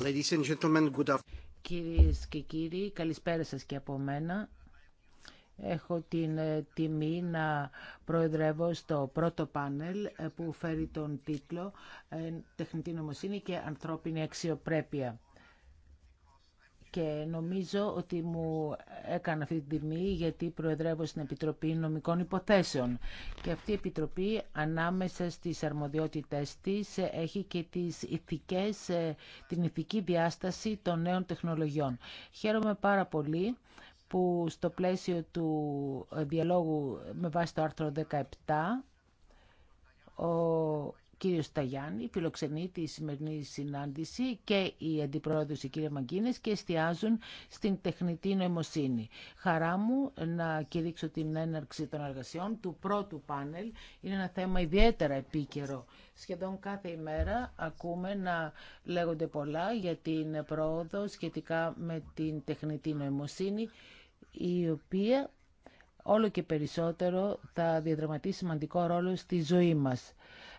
Ladies Κυρίες και κύριοι, καλησπέρα σας και από μένα. Έχω την ε, τιμή να προεδρεύω στο πρώτο πάνελ ε, που φέρει τον τίτλο ε, «Τεχνητή νομοσύνη και ανθρώπινη αξιοπρέπεια» και νομίζω ότι μου έκανα αυτή την τιμή γιατί προεδρεύω στην Επιτροπή Νομικών Υποθέσεων. Και αυτή η Επιτροπή ανάμεσα στις αρμοδιότητες της έχει και τις ηθικές, την ηθική διάσταση των νέων τεχνολογιών. Χαίρομαι πάρα πολύ που στο πλαίσιο του διαλόγου με βάση το άρθρο 17 ο Κύριο Σταγιάννη, φιλοξενεί τη σημερινή συνάντηση και η αντιπρόεδρος η κυρία Μαγκίνες και εστιάζουν στην τεχνητή νοημοσύνη. Χαρά μου να κηρύξω την έναρξη των εργασιών του πρώτου πάνελ. Είναι ένα θέμα ιδιαίτερα επίκαιρο. Σχεδόν κάθε ημέρα ακούμε να λέγονται πολλά για την πρόοδο σχετικά με την τεχνητή νοημοσύνη η οποία όλο και περισσότερο θα διαδραματίσει σημαντικό ρόλο στη ζωή μας.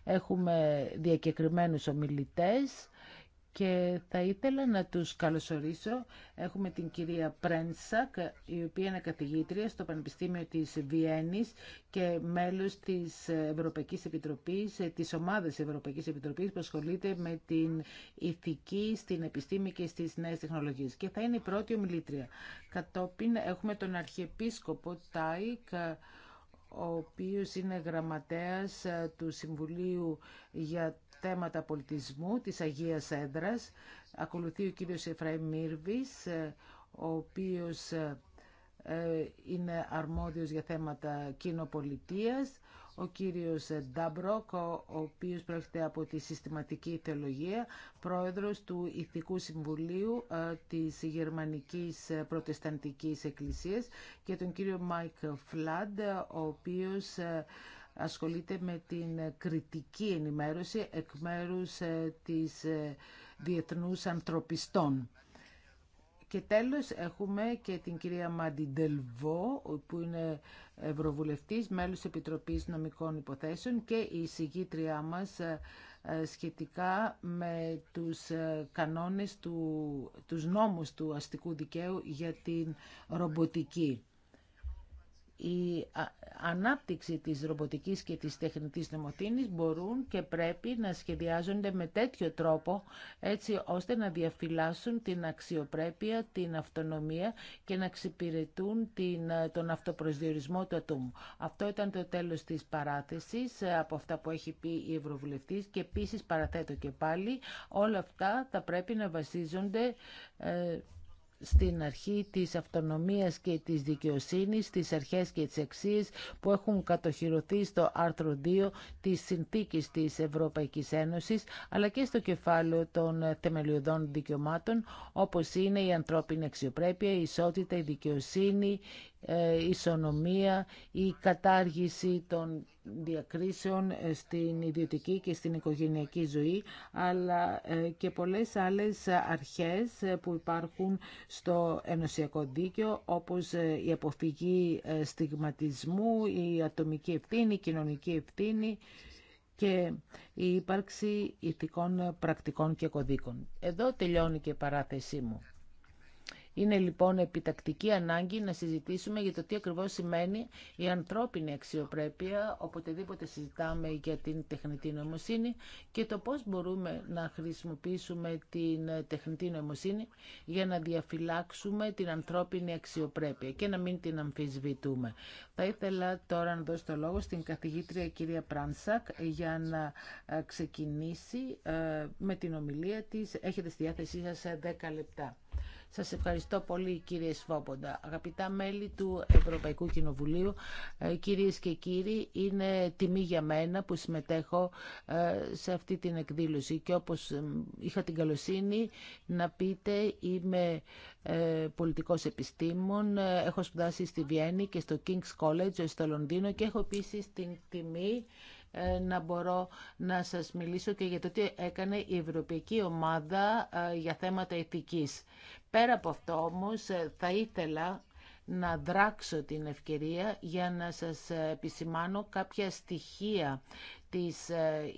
Έχουμε διακεκριμένους ομιλητές και θα ήθελα να τους καλωσορίσω. Έχουμε την κυρία Πρένσακ, η οποία είναι καθηγήτρια στο Πανεπιστήμιο της Βιέννης και μέλος της Ευρωπαϊκής Επιτροπής, της ομάδας Ευρωπαϊκής Επιτροπής που ασχολείται με την ηθική στην επιστήμη και στις νέες τεχνολογίες. Και θα είναι η πρώτη ομιλήτρια. Κατόπιν έχουμε τον Αρχιεπίσκοπο Τάικ, ο οποίος είναι γραμματέας ε, του Συμβουλίου για θέματα πολιτισμού της Αγίας Έδρας. Ακολουθεί ο κύριος Εφραήμ Μύρβης, ε, ο οποίος ε, είναι αρμόδιος για θέματα κοινοπολιτείας ο κύριος Νταμπρόκ, ο οποίος προέρχεται από τη συστηματική θεολογία, πρόεδρος του Ιθικού Συμβουλίου ε, της Γερμανικής Προτεσταντικής Εκκλησίας και τον κύριο Μάικ Φλάντ, ο οποίος ε, ασχολείται με την κριτική ενημέρωση εκ μέρους ε, της Διεθνούς Ανθρωπιστών. Και τέλος έχουμε και την κυρία Μαντιντελβό, που είναι Ευρωβουλευτής, μέλος Επιτροπής Νομικών Υποθέσεων και η συγγήτριά μας ε, ε, σχετικά με τους ε, κανόνες, του, τους νόμους του αστικού δικαίου για την ρομποτική η ανάπτυξη της ρομποτικής και της τεχνητής νοημοτήνης μπορούν και πρέπει να σχεδιάζονται με τέτοιο τρόπο έτσι ώστε να διαφυλάσσουν την αξιοπρέπεια, την αυτονομία και να εξυπηρετούν την, ε, τον αυτοπροσδιορισμό του ατόμου. Αυτό ήταν το τέλος της παράθεσης ε, από αυτά που έχει πει η Ευρωβουλευτής και επίσης παραθέτω και πάλι όλα αυτά θα πρέπει να βασίζονται ε, στην αρχή της αυτονομίας και της δικαιοσύνης, στις αρχές και τις αξίες που έχουν κατοχυρωθεί στο άρθρο 2 της Συνθήκης της Ευρωπαϊκής Ένωσης, αλλά και στο κεφάλαιο των θεμελιωδών δικαιωμάτων, όπως είναι η ανθρώπινη αξιοπρέπεια, η ισότητα, η δικαιοσύνη, ε, ισονομία, η κατάργηση των διακρίσεων ε, στην ιδιωτική και στην οικογενειακή ζωή, αλλά ε, και πολλές άλλες αρχές που υπάρχουν στο ενωσιακό δίκαιο, όπως η αποφυγή στιγματισμού, η ατομική ευθύνη, η κοινωνική ευθύνη και η ύπαρξη ηθικών πρακτικών και κωδίκων. Εδώ τελειώνει και η παράθεσή μου. Είναι λοιπόν επιτακτική ανάγκη να συζητήσουμε για το τι ακριβώς σημαίνει η ανθρώπινη αξιοπρέπεια, οποτεδήποτε συζητάμε για την τεχνητή νοημοσύνη και το πώς μπορούμε να χρησιμοποιήσουμε την τεχνητή νοημοσύνη για να διαφυλάξουμε την ανθρώπινη αξιοπρέπεια και να μην την αμφισβητούμε. Θα ήθελα τώρα να δώσω το λόγο στην καθηγήτρια κυρία Πράνσακ για να ε, ξεκινήσει ε, με την ομιλία της. Έχετε στη διάθεσή σας 10 ε, λεπτά. Σας ευχαριστώ πολύ κύριε Σφόποντα. Αγαπητά μέλη του Ευρωπαϊκού Κοινοβουλίου, κύριε και κύριοι, είναι τιμή για μένα που συμμετέχω ε, σε αυτή την εκδήλωση και όπως ε, είχα την καλοσύνη να πείτε είμαι ε, πολιτικός επιστήμων, έχω σπουδάσει στη Βιέννη και στο King's College στο Λονδίνο και έχω επίσης την τιμή ε, να μπορώ να σας μιλήσω και για το τι έκανε η Ευρωπαϊκή Ομάδα ε, για θέματα ηθικής. Πέρα από αυτό όμως ε, θα ήθελα να δράξω την ευκαιρία για να σας επισημάνω κάποια στοιχεία της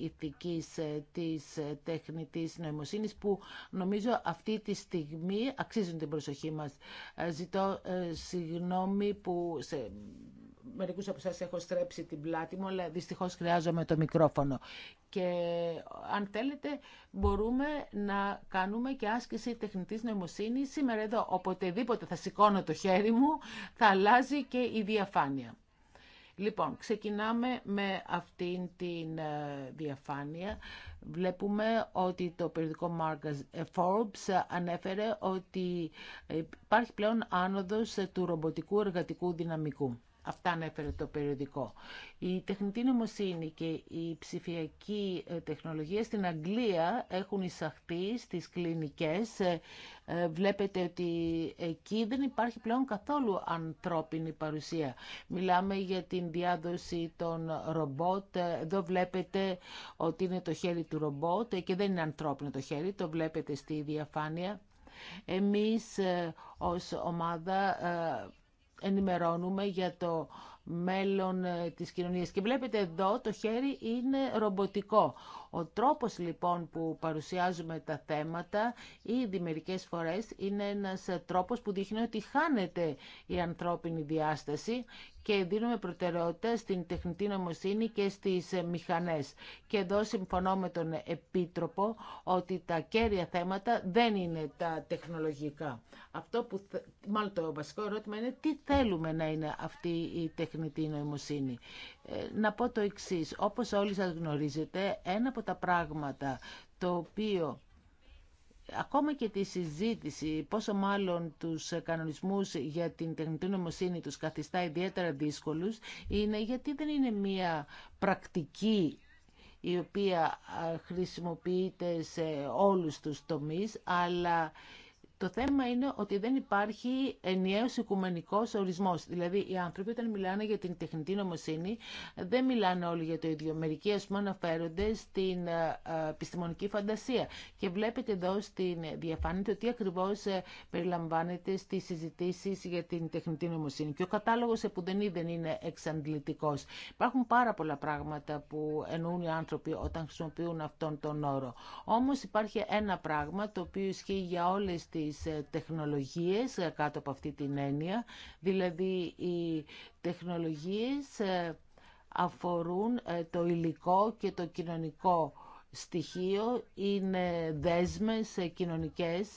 ηθικής, της τεχνητής νοημοσύνης που νομίζω αυτή τη στιγμή αξίζουν την προσοχή μας. Ζητώ συγγνώμη που Μερικού από εσά έχω στρέψει την πλάτη μου, αλλά δυστυχώ χρειάζομαι το μικρόφωνο. Και αν θέλετε μπορούμε να κάνουμε και άσκηση τεχνητή νοημοσύνης σήμερα εδώ. Οποτεδήποτε θα σηκώνω το χέρι μου, θα αλλάζει και η διαφάνεια. Λοιπόν, ξεκινάμε με αυτήν την ε, διαφάνεια. Βλέπουμε ότι το περιοδικό ε, Forbes ανέφερε ότι υπάρχει πλέον άνοδος του ρομποτικού εργατικού δυναμικού. Αυτά ανέφερε το περιοδικό. Η τεχνητή νομοσύνη και η ψηφιακή ε, τεχνολογία στην Αγγλία έχουν εισαχθεί στις κλινικές. Ε, ε, βλέπετε ότι εκεί δεν υπάρχει πλέον καθόλου ανθρώπινη παρουσία. Μιλάμε για την διάδοση των ρομπότ. Εδώ βλέπετε ότι είναι το χέρι του ρομπότ και δεν είναι ανθρώπινο το χέρι. Το βλέπετε στη διαφάνεια. Εμείς ως ομάδα ενημερώνουμε για το μέλλον ε, της κοινωνίας. Και βλέπετε εδώ το χέρι είναι ρομποτικό. Ο τρόπος λοιπόν που παρουσιάζουμε τα θέματα ήδη μερικές φορές είναι ένας τρόπος που δείχνει ότι χάνεται η ανθρώπινη διάσταση και δίνουμε προτεραιότητα στην τεχνητή νομοσύνη και στις μηχανές. Και εδώ συμφωνώ με τον Επίτροπο ότι τα κέρια θέματα δεν είναι τα τεχνολογικά. Αυτό που, μάλλον το βασικό ερώτημα είναι τι θέλουμε να είναι αυτή η τεχνητή νοημοσύνη. Ε, να πω το εξής, Όπως όλοι σας γνωρίζετε, ένα από τα πράγματα το οποίο ακόμα και τη συζήτηση, πόσο μάλλον τους κανονισμούς για την τεχνητή νομοσύνη τους καθιστά ιδιαίτερα δύσκολους, είναι γιατί δεν είναι μία πρακτική η οποία χρησιμοποιείται σε όλους τους τομείς, αλλά το θέμα είναι ότι δεν υπάρχει ενιαίος οικουμενικός ορισμός. Δηλαδή, οι άνθρωποι όταν μιλάνε για την τεχνητή νομοσύνη, δεν μιλάνε όλοι για το ίδιο. Μερικοί, ας πούμε, αναφέρονται στην ε, ε, επιστημονική φαντασία. Και βλέπετε εδώ στην διαφάνεια το τι ακριβώς ε, περιλαμβάνεται στις συζητήσεις για την τεχνητή νομοσύνη. Και ο κατάλογος που δεν είναι, δεν είναι εξαντλητικός. Υπάρχουν πάρα πολλά πράγματα που εννοούν οι άνθρωποι όταν χρησιμοποιούν αυτόν τον όρο. Όμω υπάρχει ένα πράγμα το οποίο ισχύει για όλες τις τις ε, τεχνολογίες ε, κάτω από αυτή την έννοια. Δηλαδή οι τεχνολογίες ε, αφορούν το υλικό και το κοινωνικό στοιχείο, είναι δέσμες κοινωνικές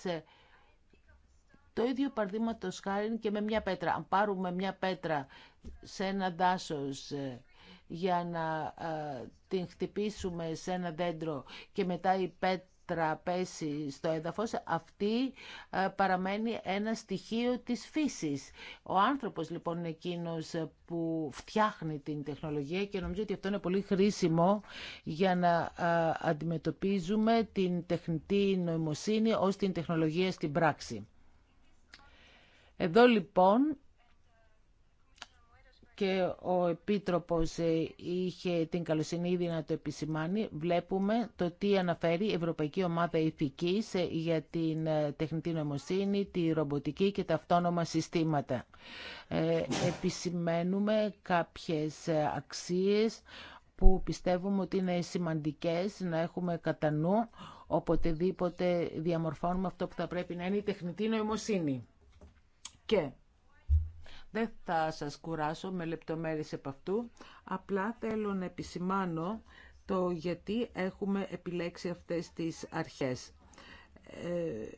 το ίδιο παραδείγματο χάρη και με μια πέτρα. Αν πάρουμε μια πέτρα σε ένα δάσος για να την χτυπήσουμε σε ένα δέντρο και μετά η πέτρα τραπέζι στο έδαφος, αυτή ε, παραμένει ένα στοιχείο της φύσης. Ο άνθρωπος λοιπόν είναι εκείνος που φτιάχνει την τεχνολογία και νομίζω ότι αυτό είναι πολύ χρήσιμο για να ε, αντιμετωπίζουμε την τεχνητή νοημοσύνη ως την τεχνολογία στην πράξη. Εδώ λοιπόν και ο Επίτροπος ε, είχε την καλοσύνη ήδη να το επισημάνει. Βλέπουμε το τι αναφέρει η Ευρωπαϊκή Ομάδα Ηθικής ε, για την ε, τεχνητή νοημοσύνη, τη ρομποτική και τα αυτόνομα συστήματα. Επισημαίνουμε κάποιες αξίες που πιστεύουμε ότι είναι σημαντικές να έχουμε κατά νου οποτεδήποτε διαμορφώνουμε αυτό που θα πρέπει να είναι η τεχνητή νοημοσύνη. Και δεν θα σας κουράσω με λεπτομέρειες επ' αυτού, απλά θέλω να επισημάνω το γιατί έχουμε επιλέξει αυτές τις αρχές. Ε,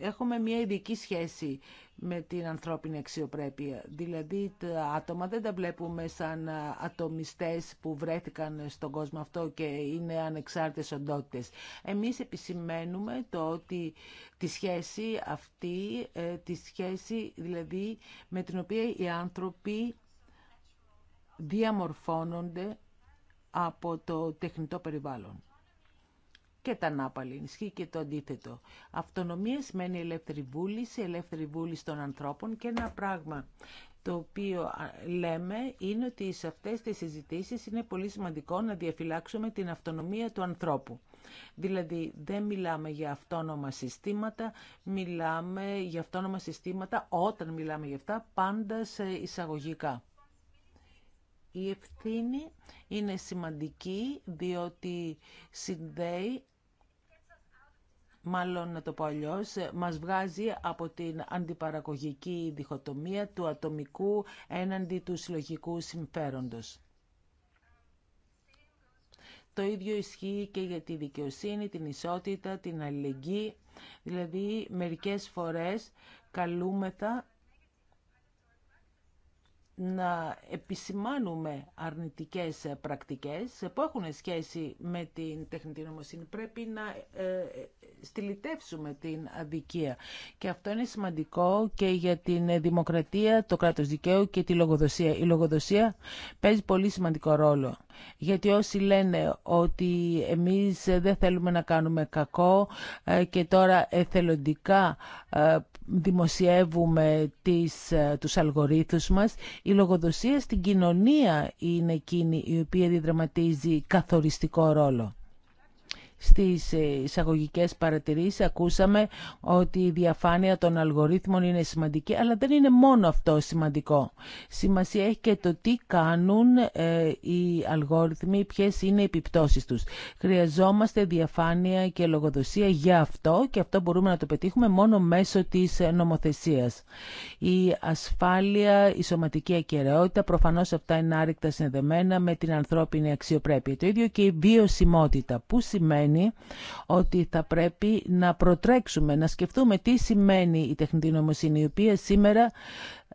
έχουμε μια ειδική σχέση με την ανθρώπινη αξιοπρέπεια. Δηλαδή τα άτομα δεν τα βλέπουμε σαν ατομιστές που βρέθηκαν στον κόσμο αυτό και είναι ανεξάρτητες οντότητες. Εμείς επισημαίνουμε το ότι τη σχέση αυτή, ε, τη σχέση δηλαδή με την οποία οι άνθρωποι διαμορφώνονται από το τεχνητό περιβάλλον και τα ανάπαλη. Ισχύει και το αντίθετο. Αυτονομία σημαίνει ελεύθερη βούληση, ελεύθερη βούληση των ανθρώπων και ένα πράγμα το οποίο λέμε είναι ότι σε αυτές τις συζητήσεις είναι πολύ σημαντικό να διαφυλάξουμε την αυτονομία του ανθρώπου. Δηλαδή δεν μιλάμε για αυτόνομα συστήματα, μιλάμε για αυτόνομα συστήματα όταν μιλάμε για αυτά πάντα σε εισαγωγικά. Η ευθύνη είναι σημαντική διότι συνδέει μάλλον να το πω αλλιώ, μας βγάζει από την αντιπαραγωγική διχοτομία του ατομικού έναντι του συλλογικού συμφέροντος. Το ίδιο ισχύει και για τη δικαιοσύνη, την ισότητα, την αλληλεγγύη. Δηλαδή, μερικές φορές καλούμεθα να επισημάνουμε αρνητικές πρακτικές που έχουν σχέση με την τεχνητή νομοσύνη. Πρέπει να ε, ε, στυλιτεύσουμε την αδικία. Και αυτό είναι σημαντικό και για την δημοκρατία, το κράτος δικαίου και τη λογοδοσία. Η λογοδοσία παίζει πολύ σημαντικό ρόλο. Γιατί όσοι λένε ότι εμείς δεν θέλουμε να κάνουμε κακό ε, και τώρα εθελοντικά δημοσιεύουμε τις, τους αλγορίθους μας, η λογοδοσία στην κοινωνία είναι εκείνη η οποία διδραματίζει καθοριστικό ρόλο. Στις εισαγωγικέ παρατηρήσεις ακούσαμε ότι η διαφάνεια των αλγορίθμων είναι σημαντική, αλλά δεν είναι μόνο αυτό σημαντικό. Σημασία έχει και το τι κάνουν ε, οι αλγόριθμοι, ποιες είναι οι επιπτώσεις τους. Χρειαζόμαστε διαφάνεια και λογοδοσία για αυτό και αυτό μπορούμε να το πετύχουμε μόνο μέσω της νομοθεσίας. Η ασφάλεια, η σωματική ακαιρεότητα, προφανώς αυτά είναι άρρηκτα συνδεμένα με την ανθρώπινη αξιοπρέπεια. Το ίδιο και η βιωσιμότητα, που σημαίνει ότι θα πρέπει να προτρέξουμε, να σκεφτούμε τι σημαίνει η τεχνητή νομοσύνη, η οποία σήμερα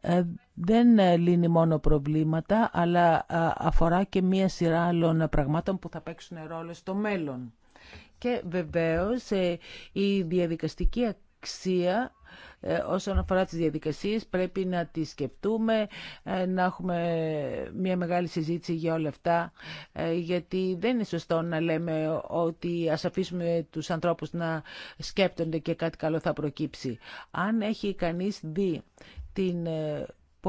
ε, δεν ε, λύνει μόνο προβλήματα, αλλά ε, αφορά και μία σειρά άλλων πραγμάτων που θα παίξουν ρόλο στο μέλλον. Και βεβαίως η διαδικαστική αξία ε, όσον αφορά τις διαδικασίες πρέπει να τις σκεφτούμε, ε, να έχουμε μια μεγάλη συζήτηση για όλα αυτά, ε, γιατί δεν είναι σωστό να λέμε ότι ας αφήσουμε τους ανθρώπους να σκέπτονται και κάτι καλό θα προκύψει. Αν έχει κανείς δει την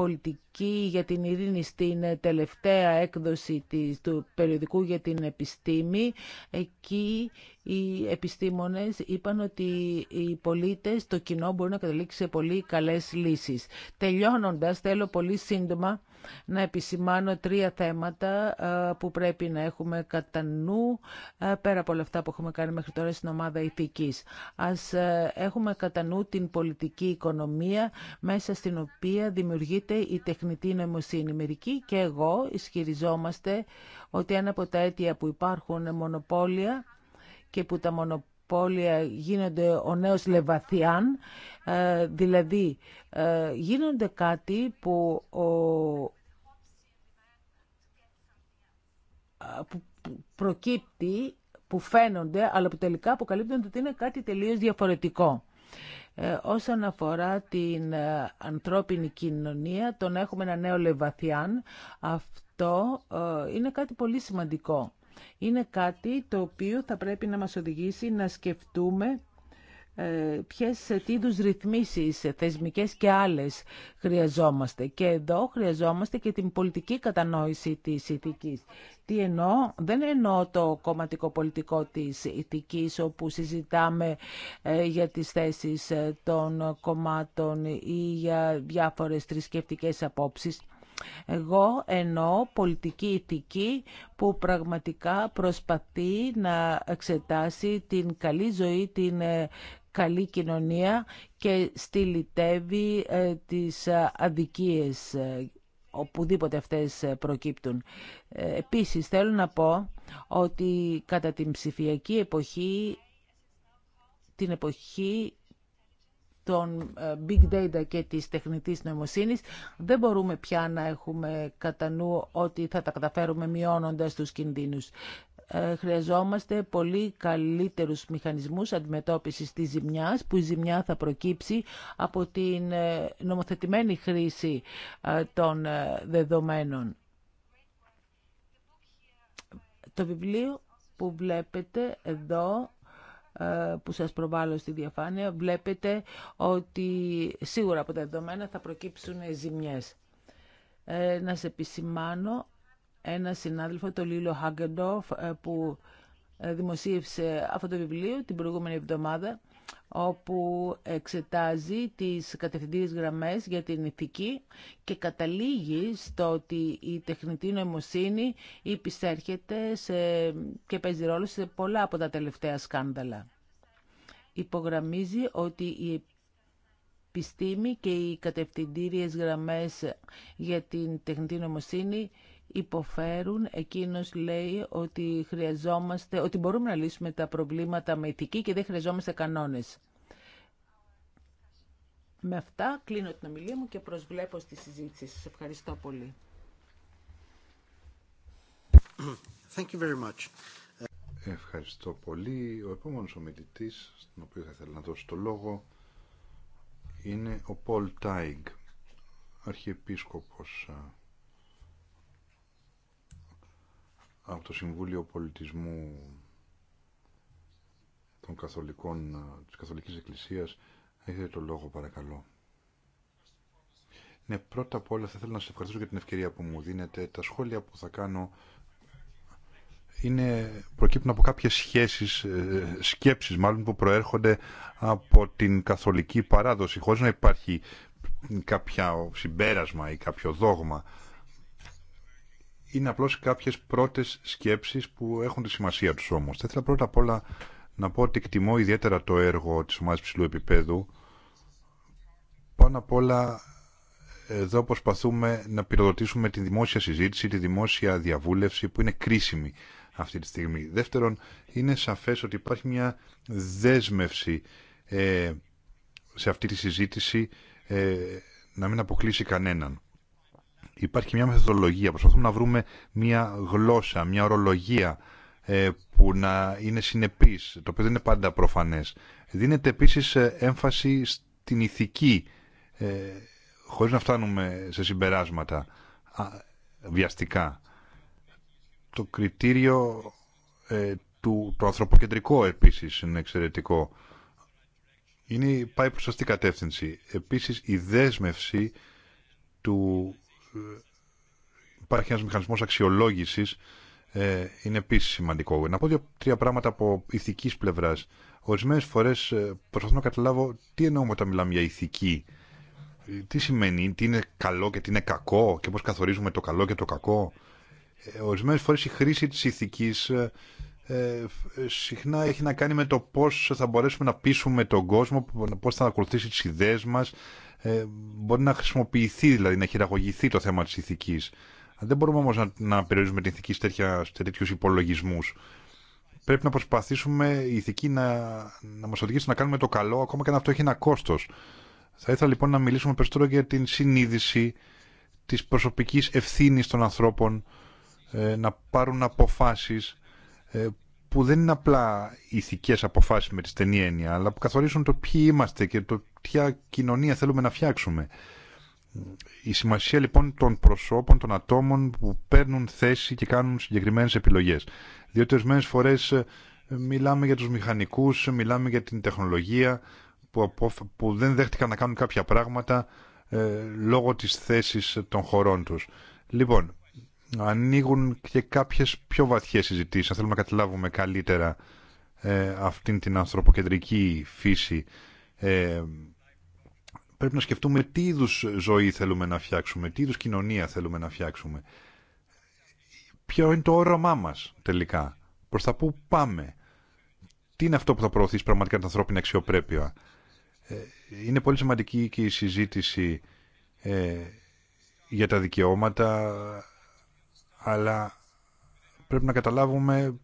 πολιτική για την ειρήνη στην τελευταία έκδοση του περιοδικού για την επιστήμη. Εκεί οι επιστήμονες είπαν ότι οι πολίτες, το κοινό μπορεί να καταλήξει σε πολύ καλές λύσεις. Τελειώνοντας, θέλω πολύ σύντομα να επισημάνω τρία θέματα ε, που πρέπει να έχουμε κατά νου ε, πέρα από όλα αυτά που έχουμε κάνει μέχρι τώρα στην ομάδα ηθικής. Ας ε, έχουμε κατά νου την πολιτική οικονομία μέσα στην οποία δημιουργείται η τεχνητή νοημοσύνη. Μερικοί και εγώ ισχυριζόμαστε ότι ένα από τα αίτια που υπάρχουν μονοπόλια και που τα μονοπόλια γίνονται ο νέος Λεβαθιάν, δηλαδή γίνονται κάτι που ο που προκύπτει, που φαίνονται, αλλά που τελικά αποκαλύπτουν ότι είναι κάτι τελείως διαφορετικό. Ε, όσον αφορά την ε, ανθρώπινη κοινωνία, τον έχουμε ένα νέο Λεβαθιάν. Αυτό ε, είναι κάτι πολύ σημαντικό. Είναι κάτι το οποίο θα πρέπει να μας οδηγήσει να σκεφτούμε ε, ποιες τι είδου ρυθμίσεις θεσμικές και άλλες χρειαζόμαστε. Και εδώ χρειαζόμαστε και την πολιτική κατανόηση της ηθικής. Τι εννοώ, δεν εννοώ το κομματικό πολιτικό της ηθικής όπου συζητάμε ε, για τις θέσεις ε, των κομμάτων ή για διάφορες θρησκευτικέ απόψεις. Εγώ εννοώ πολιτική ηθική που πραγματικά προσπαθεί να εξετάσει την καλή ζωή, την καλή κοινωνία και στυλιτεύει ε, τις ε, αδικίες ε, οπουδήποτε αυτές προκύπτουν. Επίσης θέλω να πω ότι κατά την ψηφιακή εποχή, την εποχή των big data και της τεχνητής νοημοσύνης, δεν μπορούμε πια να έχουμε κατά νου ότι θα τα καταφέρουμε μειώνοντας τους κινδύνους. Ε, χρειαζόμαστε πολύ καλύτερους μηχανισμούς αντιμετώπισης της ζημιάς, που η ζημιά θα προκύψει από την ε, νομοθετημένη χρήση ε, των δεδομένων. Το βιβλίο που βλέπετε εδώ που σας προβάλλω στη διαφάνεια, βλέπετε ότι σίγουρα από τα δεδομένα θα προκύψουν ζημιές. Να σε επισημάνω ένα συνάδελφο, το Λίλο Χάγκεντοφ, ε, που ε, δημοσίευσε αυτό το βιβλίο την προηγούμενη εβδομάδα, όπου εξετάζει τις κατευθυντήριες γραμμές για την ηθική και καταλήγει στο ότι η τεχνητή νοημοσύνη υπησέρχεται σε, και παίζει ρόλο σε πολλά από τα τελευταία σκάνδαλα. Υπογραμμίζει ότι η επιστήμη και οι κατευθυντήριες γραμμές για την τεχνητή νοημοσύνη υποφέρουν. Εκείνος λέει ότι χρειαζόμαστε, ότι μπορούμε να λύσουμε τα προβλήματα με ηθική και δεν χρειαζόμαστε κανόνες. Με αυτά κλείνω την ομιλία μου και προσβλέπω στη συζήτηση. Σας ευχαριστώ πολύ. Thank you very much. Ευχαριστώ πολύ. Ο επόμενος ομιλητής, στον οποίο θα ήθελα να δώσω το λόγο, είναι ο Πολ Τάιγκ, αρχιεπίσκοπος από το Συμβούλιο Πολιτισμού των Καθολικών, της Καθολικής Εκκλησίας. Έχετε το λόγο παρακαλώ. Ναι, πρώτα απ' όλα θα ήθελα να σας ευχαριστήσω για την ευκαιρία που μου δίνετε. Τα σχόλια που θα κάνω είναι, προκύπτουν από κάποιες σχέσεις, ε, σκέψεις μάλλον που προέρχονται από την καθολική παράδοση, χωρίς να υπάρχει κάποιο συμπέρασμα ή κάποιο δόγμα είναι απλώς κάποιες πρώτες σκέψεις που έχουν τη σημασία τους όμως. Θα ήθελα πρώτα απ' όλα να πω ότι εκτιμώ ιδιαίτερα το έργο της ομάδας ψηλού επίπεδου. Πάνω απ' όλα εδώ προσπαθούμε να πυροδοτήσουμε τη δημόσια συζήτηση, τη δημόσια διαβούλευση που είναι κρίσιμη αυτή τη στιγμή. Δεύτερον, είναι σαφές ότι υπάρχει μια δέσμευση ε, σε αυτή τη συζήτηση ε, να μην αποκλείσει κανέναν υπάρχει μια μεθοδολογία. Προσπαθούμε να βρούμε μια γλώσσα, μια ορολογία ε, που να είναι συνεπής, το οποίο δεν είναι πάντα προφανές. Δίνεται επίσης ε, έμφαση στην ηθική, ε, χωρίς να φτάνουμε σε συμπεράσματα βιαστικά. Το κριτήριο του, το ανθρωποκεντρικό επίσης είναι εξαιρετικό. Είναι, πάει προς την κατεύθυνση. Επίσης η δέσμευση του ε, υπάρχει ένας μηχανισμός αξιολόγησης ε, είναι επίσης σημαντικό. Να πω δύο, τρία πράγματα από ηθικής πλευράς. Ορισμένες φορές ε, προσπαθώ να καταλάβω τι εννοούμε όταν μιλάμε για ηθική. Τι σημαίνει, τι είναι καλό και τι είναι κακό και πώς καθορίζουμε το καλό και το κακό. Ορισμένες φορές η χρήση της ηθικής συχνά έχει να κάνει με το πώς θα μπορέσουμε να πείσουμε τον κόσμο, πώς θα ακολουθήσει τις ιδέες μας, ε, μπορεί να χρησιμοποιηθεί, δηλαδή να χειραγωγηθεί το θέμα της ηθικής. Δεν μπορούμε όμως να, να περιορίζουμε την ηθική σε, τέτοιου υπολογισμού. υπολογισμούς. Πρέπει να προσπαθήσουμε η ηθική να, να μας οδηγήσει να κάνουμε το καλό, ακόμα και αν αυτό έχει ένα κόστος. Θα ήθελα λοιπόν να μιλήσουμε περισσότερο για την συνείδηση της προσωπικής ευθύνης των ανθρώπων, ε, να πάρουν αποφάσεις ε, που δεν είναι απλά ηθικές αποφάσεις με τη στενή έννοια, αλλά που καθορίζουν το ποιοι είμαστε και το ποια κοινωνία θέλουμε να φτιάξουμε. Η σημασία λοιπόν των προσώπων, των ατόμων που παίρνουν θέση και κάνουν συγκεκριμένε επιλογές. Διότι ορισμένε φορές ε, μιλάμε για τους μηχανικούς, μιλάμε για την τεχνολογία που, που δεν δέχτηκαν να κάνουν κάποια πράγματα ε, λόγω της θέση των χωρών τους. Λοιπόν, ανοίγουν και κάποιες πιο βαθιές συζητήσεις. Αν θέλουμε να καταλάβουμε καλύτερα ε, αυτήν την ανθρωποκεντρική φύση, ε, πρέπει να σκεφτούμε τι είδους ζωή θέλουμε να φτιάξουμε, τι είδους κοινωνία θέλουμε να φτιάξουμε. Ποιο είναι το όραμά μας τελικά, προς τα που πάμε. Τι είναι αυτό που θα προωθήσει πραγματικά την ανθρώπινη αξιοπρέπεια. Ε, είναι πολύ σημαντική και η συζήτηση ε, για τα δικαιώματα αλλά πρέπει να καταλάβουμε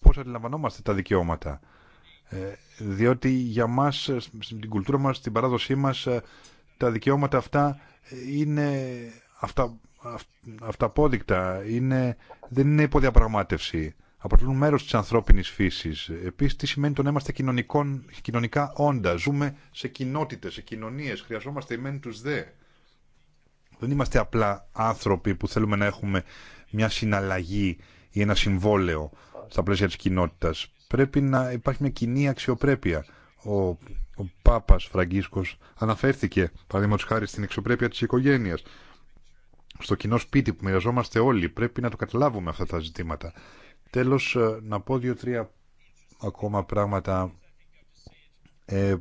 πώς αντιλαμβανόμαστε τα δικαιώματα. Ε, διότι για μας, ε, στην κουλτούρα μας, στην παράδοσή μας, ε, τα δικαιώματα αυτά είναι αυτα, αυταπόδεικτα, είναι, δεν είναι υποδιαπραγμάτευση. Αποτελούν μέρος της ανθρώπινης φύσης. Επίσης, τι σημαίνει το να είμαστε κοινωνικά όντα. Ζούμε σε κοινότητες, σε κοινωνίες. Χρειαζόμαστε οι τους δε. Δεν είμαστε απλά άνθρωποι που θέλουμε να έχουμε μια συναλλαγή ή ένα συμβόλαιο στα πλαίσια της κοινότητας. Πρέπει να υπάρχει μια κοινή αξιοπρέπεια. Ο, ο Πάπας Φραγκίσκος αναφέρθηκε, παραδείγματο χάρη, στην αξιοπρέπεια της οικογένειας. Στο κοινό σπίτι που μοιραζόμαστε όλοι πρέπει να το καταλάβουμε αυτά τα ζητήματα. Τέλος, ε, να πω δύο-τρία ακόμα πράγματα. Ε,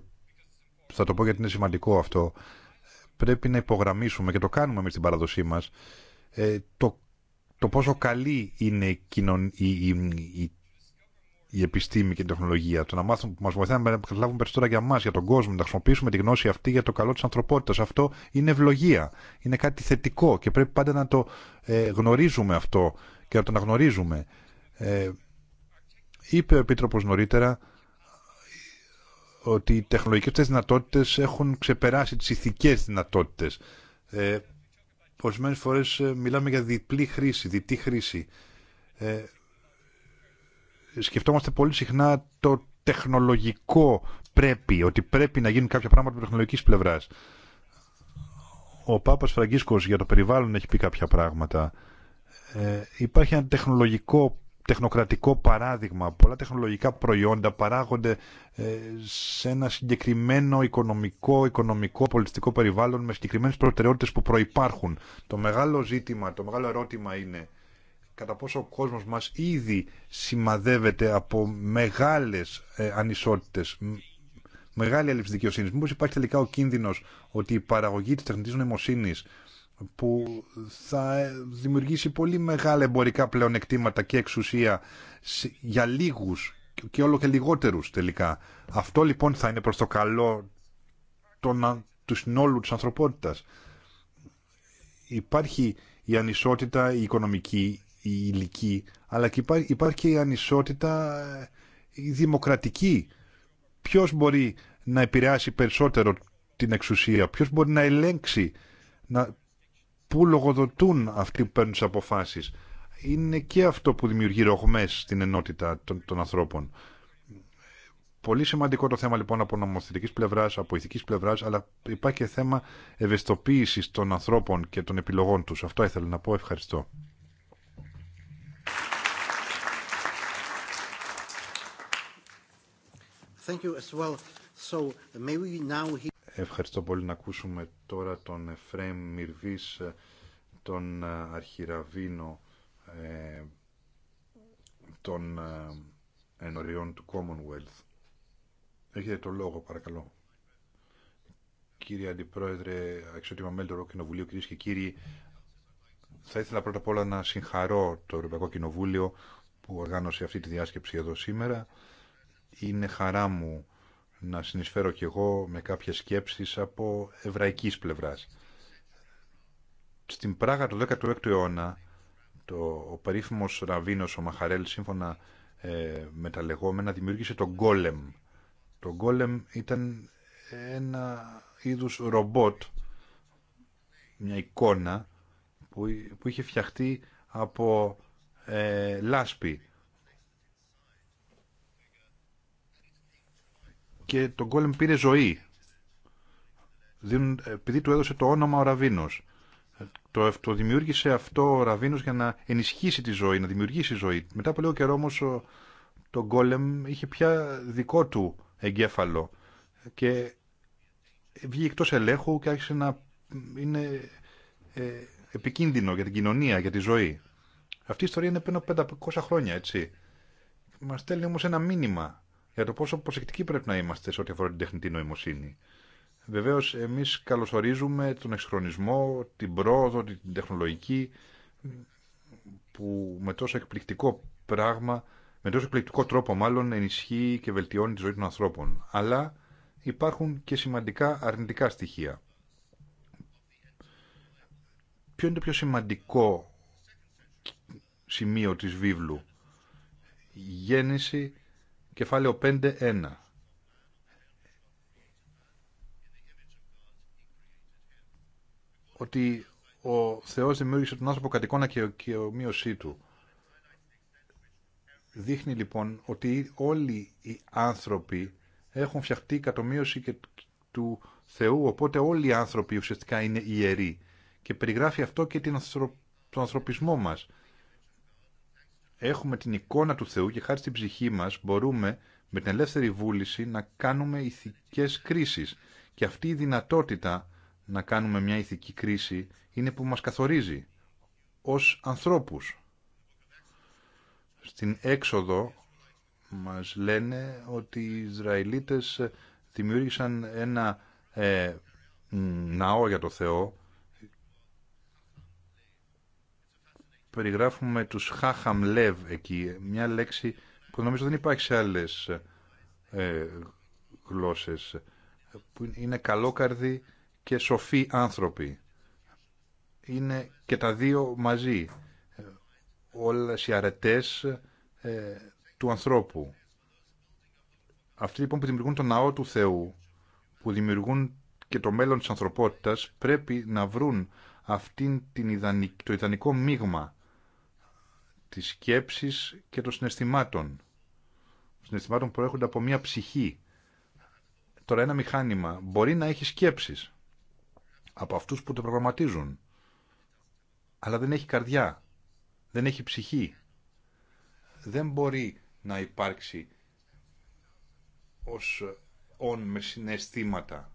θα το πω γιατί είναι σημαντικό αυτό. Πρέπει να υπογραμμίσουμε και το κάνουμε εμείς στην παραδοσή μας. Ε, το το πόσο καλή είναι η, η, η, η επιστήμη και η τεχνολογία. Το να μάθουμε, που μα βοηθάει να καταλάβουμε περισσότερα για εμά, για τον κόσμο, να χρησιμοποιήσουμε τη γνώση αυτή για το καλό τη ανθρωπότητα. Αυτό είναι ευλογία. Είναι κάτι θετικό και πρέπει πάντα να το ε, γνωρίζουμε αυτό και να το αναγνωρίζουμε. Ε, είπε ο επίτροπο νωρίτερα ότι οι τεχνολογικέ δυνατότητε έχουν ξεπεράσει τι ηθικές δυνατότητε. Ε, Ορισμένε φορές ε, μιλάμε για διπλή χρήση, διτή χρήση. Ε, σκεφτόμαστε πολύ συχνά το τεχνολογικό πρέπει, ότι πρέπει να γίνουν κάποια πράγματα από τεχνολογικής πλευράς. Ο Πάπας Φραγκίσκος για το περιβάλλον έχει πει κάποια πράγματα. Ε, υπάρχει ένα τεχνολογικό τεχνοκρατικό παράδειγμα. Πολλά τεχνολογικά προϊόντα παράγονται ε, σε ένα συγκεκριμένο οικονομικό, οικονομικό, πολιτιστικό περιβάλλον με συγκεκριμένες προτεραιότητες που προϋπάρχουν. Το μεγάλο ζήτημα, το μεγάλο ερώτημα είναι κατά πόσο ο κόσμος μας ήδη σημαδεύεται από μεγάλες ε, ανισότητες, μεγάλη έλλειψη δικαιοσύνη. Μήπω υπάρχει τελικά ο κίνδυνο ότι η παραγωγή τη τεχνητή νοημοσύνη που θα ε, δημιουργήσει πολύ μεγάλα εμπορικά πλεονεκτήματα και εξουσία για λίγους και όλο και λιγότερους τελικά. Αυτό λοιπόν θα είναι προς το καλό των, του συνόλου της ανθρωπότητας. Υπάρχει η ανισότητα η οικονομική, η ηλική, αλλά και υπάρχει, η ανισότητα ε, η δημοκρατική. Ποιος μπορεί να επηρεάσει περισσότερο την εξουσία, ποιος μπορεί να ελέγξει, πού λογοδοτούν αυτοί που παίρνουν τι αποφάσει. Είναι και αυτό που δημιουργεί ρογμέ στην ενότητα των, ανθρώπων. Πολύ σημαντικό το θέμα λοιπόν από νομοθετική πλευρά, από ηθική πλευρά, αλλά υπάρχει και θέμα ευαισθητοποίηση των ανθρώπων και των επιλογών του. Αυτό ήθελα να πω. Ευχαριστώ. Thank you as well. Ευχαριστώ πολύ να ακούσουμε τώρα τον Εφραίμ Μυρβής, ε, τον ε, αρχιραβίνο ε, των ε, ενωριών του Commonwealth. Έχετε το λόγο παρακαλώ. Κύριε Αντιπρόεδρε, αξιότιμα μέλη του Ευρωκοινοβουλίου, κυρίε και κύριοι, θα ήθελα πρώτα απ' όλα να συγχαρώ το Ευρωπαϊκό Κοινοβούλιο που οργάνωσε αυτή τη διάσκεψη εδώ σήμερα. Είναι χαρά μου να συνεισφέρω κι εγώ με κάποιες σκέψεις από εβραϊκής πλευράς. Στην Πράγα του 16ου αιώνα, το, ο περίφημος Ραβίνος, ο Μαχαρέλ, σύμφωνα ε, με τα λεγόμενα, δημιούργησε τον Γκόλεμ. Το Γκόλεμ ήταν ένα είδους ρομπότ, μια εικόνα, που, είχε φτιαχτεί από ε, λάσπη και τον Γκόλεμ πήρε ζωή. Δίνουν, επειδή του έδωσε το όνομα ο Ραβίνος. Το, δημιούργησε αυτό ο Ραβίνος για να ενισχύσει τη ζωή, να δημιουργήσει ζωή. Μετά από λίγο καιρό όμως τον το Γκόλεμ είχε πια δικό του εγκέφαλο και βγήκε εκτός ελέγχου και άρχισε να είναι ε, επικίνδυνο για την κοινωνία, για τη ζωή. Αυτή η ιστορία είναι πριν από 500 χρόνια, έτσι. Μας στέλνει όμως ένα μήνυμα για το πόσο προσεκτικοί πρέπει να είμαστε σε ό,τι αφορά την τεχνητή νοημοσύνη. Βεβαίω, εμεί καλωσορίζουμε τον εξχρονισμό, την πρόοδο, την τεχνολογική, που με τόσο εκπληκτικό πράγμα, με τόσο εκπληκτικό τρόπο μάλλον ενισχύει και βελτιώνει τη ζωή των ανθρώπων. Αλλά υπάρχουν και σημαντικά αρνητικά στοιχεία. Ποιο είναι το πιο σημαντικό σημείο της βίβλου. Γέννηση κεφάλαιο 5.1. Ότι ο Θεός δημιούργησε τον άνθρωπο κατ' και, ο ομοίωσή του. Δείχνει λοιπόν ότι όλοι οι άνθρωποι έχουν φτιαχτεί κατ' ομοίωση και του Θεού, οπότε όλοι οι άνθρωποι ουσιαστικά είναι ιεροί. Και περιγράφει αυτό και την τον ανθρωπισμό μας έχουμε την εικόνα του Θεού και χάρη στην ψυχή μας μπορούμε με την ελεύθερη βούληση να κάνουμε ηθικές κρίσεις. Και αυτή η δυνατότητα να κάνουμε μια ηθική κρίση είναι που μας καθορίζει ως ανθρώπους. Στην έξοδο μας λένε ότι οι Ισραηλίτες δημιούργησαν ένα ε, ναό για το Θεό περιγράφουμε τους χάχαμλεβ εκεί, μια λέξη που νομίζω δεν υπάρχει σε άλλες ε, γλώσσες, που είναι καλόκαρδοι και σοφοί άνθρωποι. Είναι και τα δύο μαζί, όλες οι αρετές ε, του ανθρώπου. Αυτοί λοιπόν που δημιουργούν τον ναό του Θεού, που δημιουργούν και το μέλλον της ανθρωπότητας, πρέπει να βρουν αυτήν την το ιδανικό μείγμα της σκέψης και των συναισθημάτων. Συναισθημάτων που προέρχονται από μια ψυχή. Τώρα ένα μηχάνημα μπορεί να έχει σκέψεις από αυτούς που το προγραμματίζουν. Αλλά δεν έχει καρδιά. Δεν έχει ψυχή. Δεν μπορεί να υπάρξει ως όν με συναισθήματα.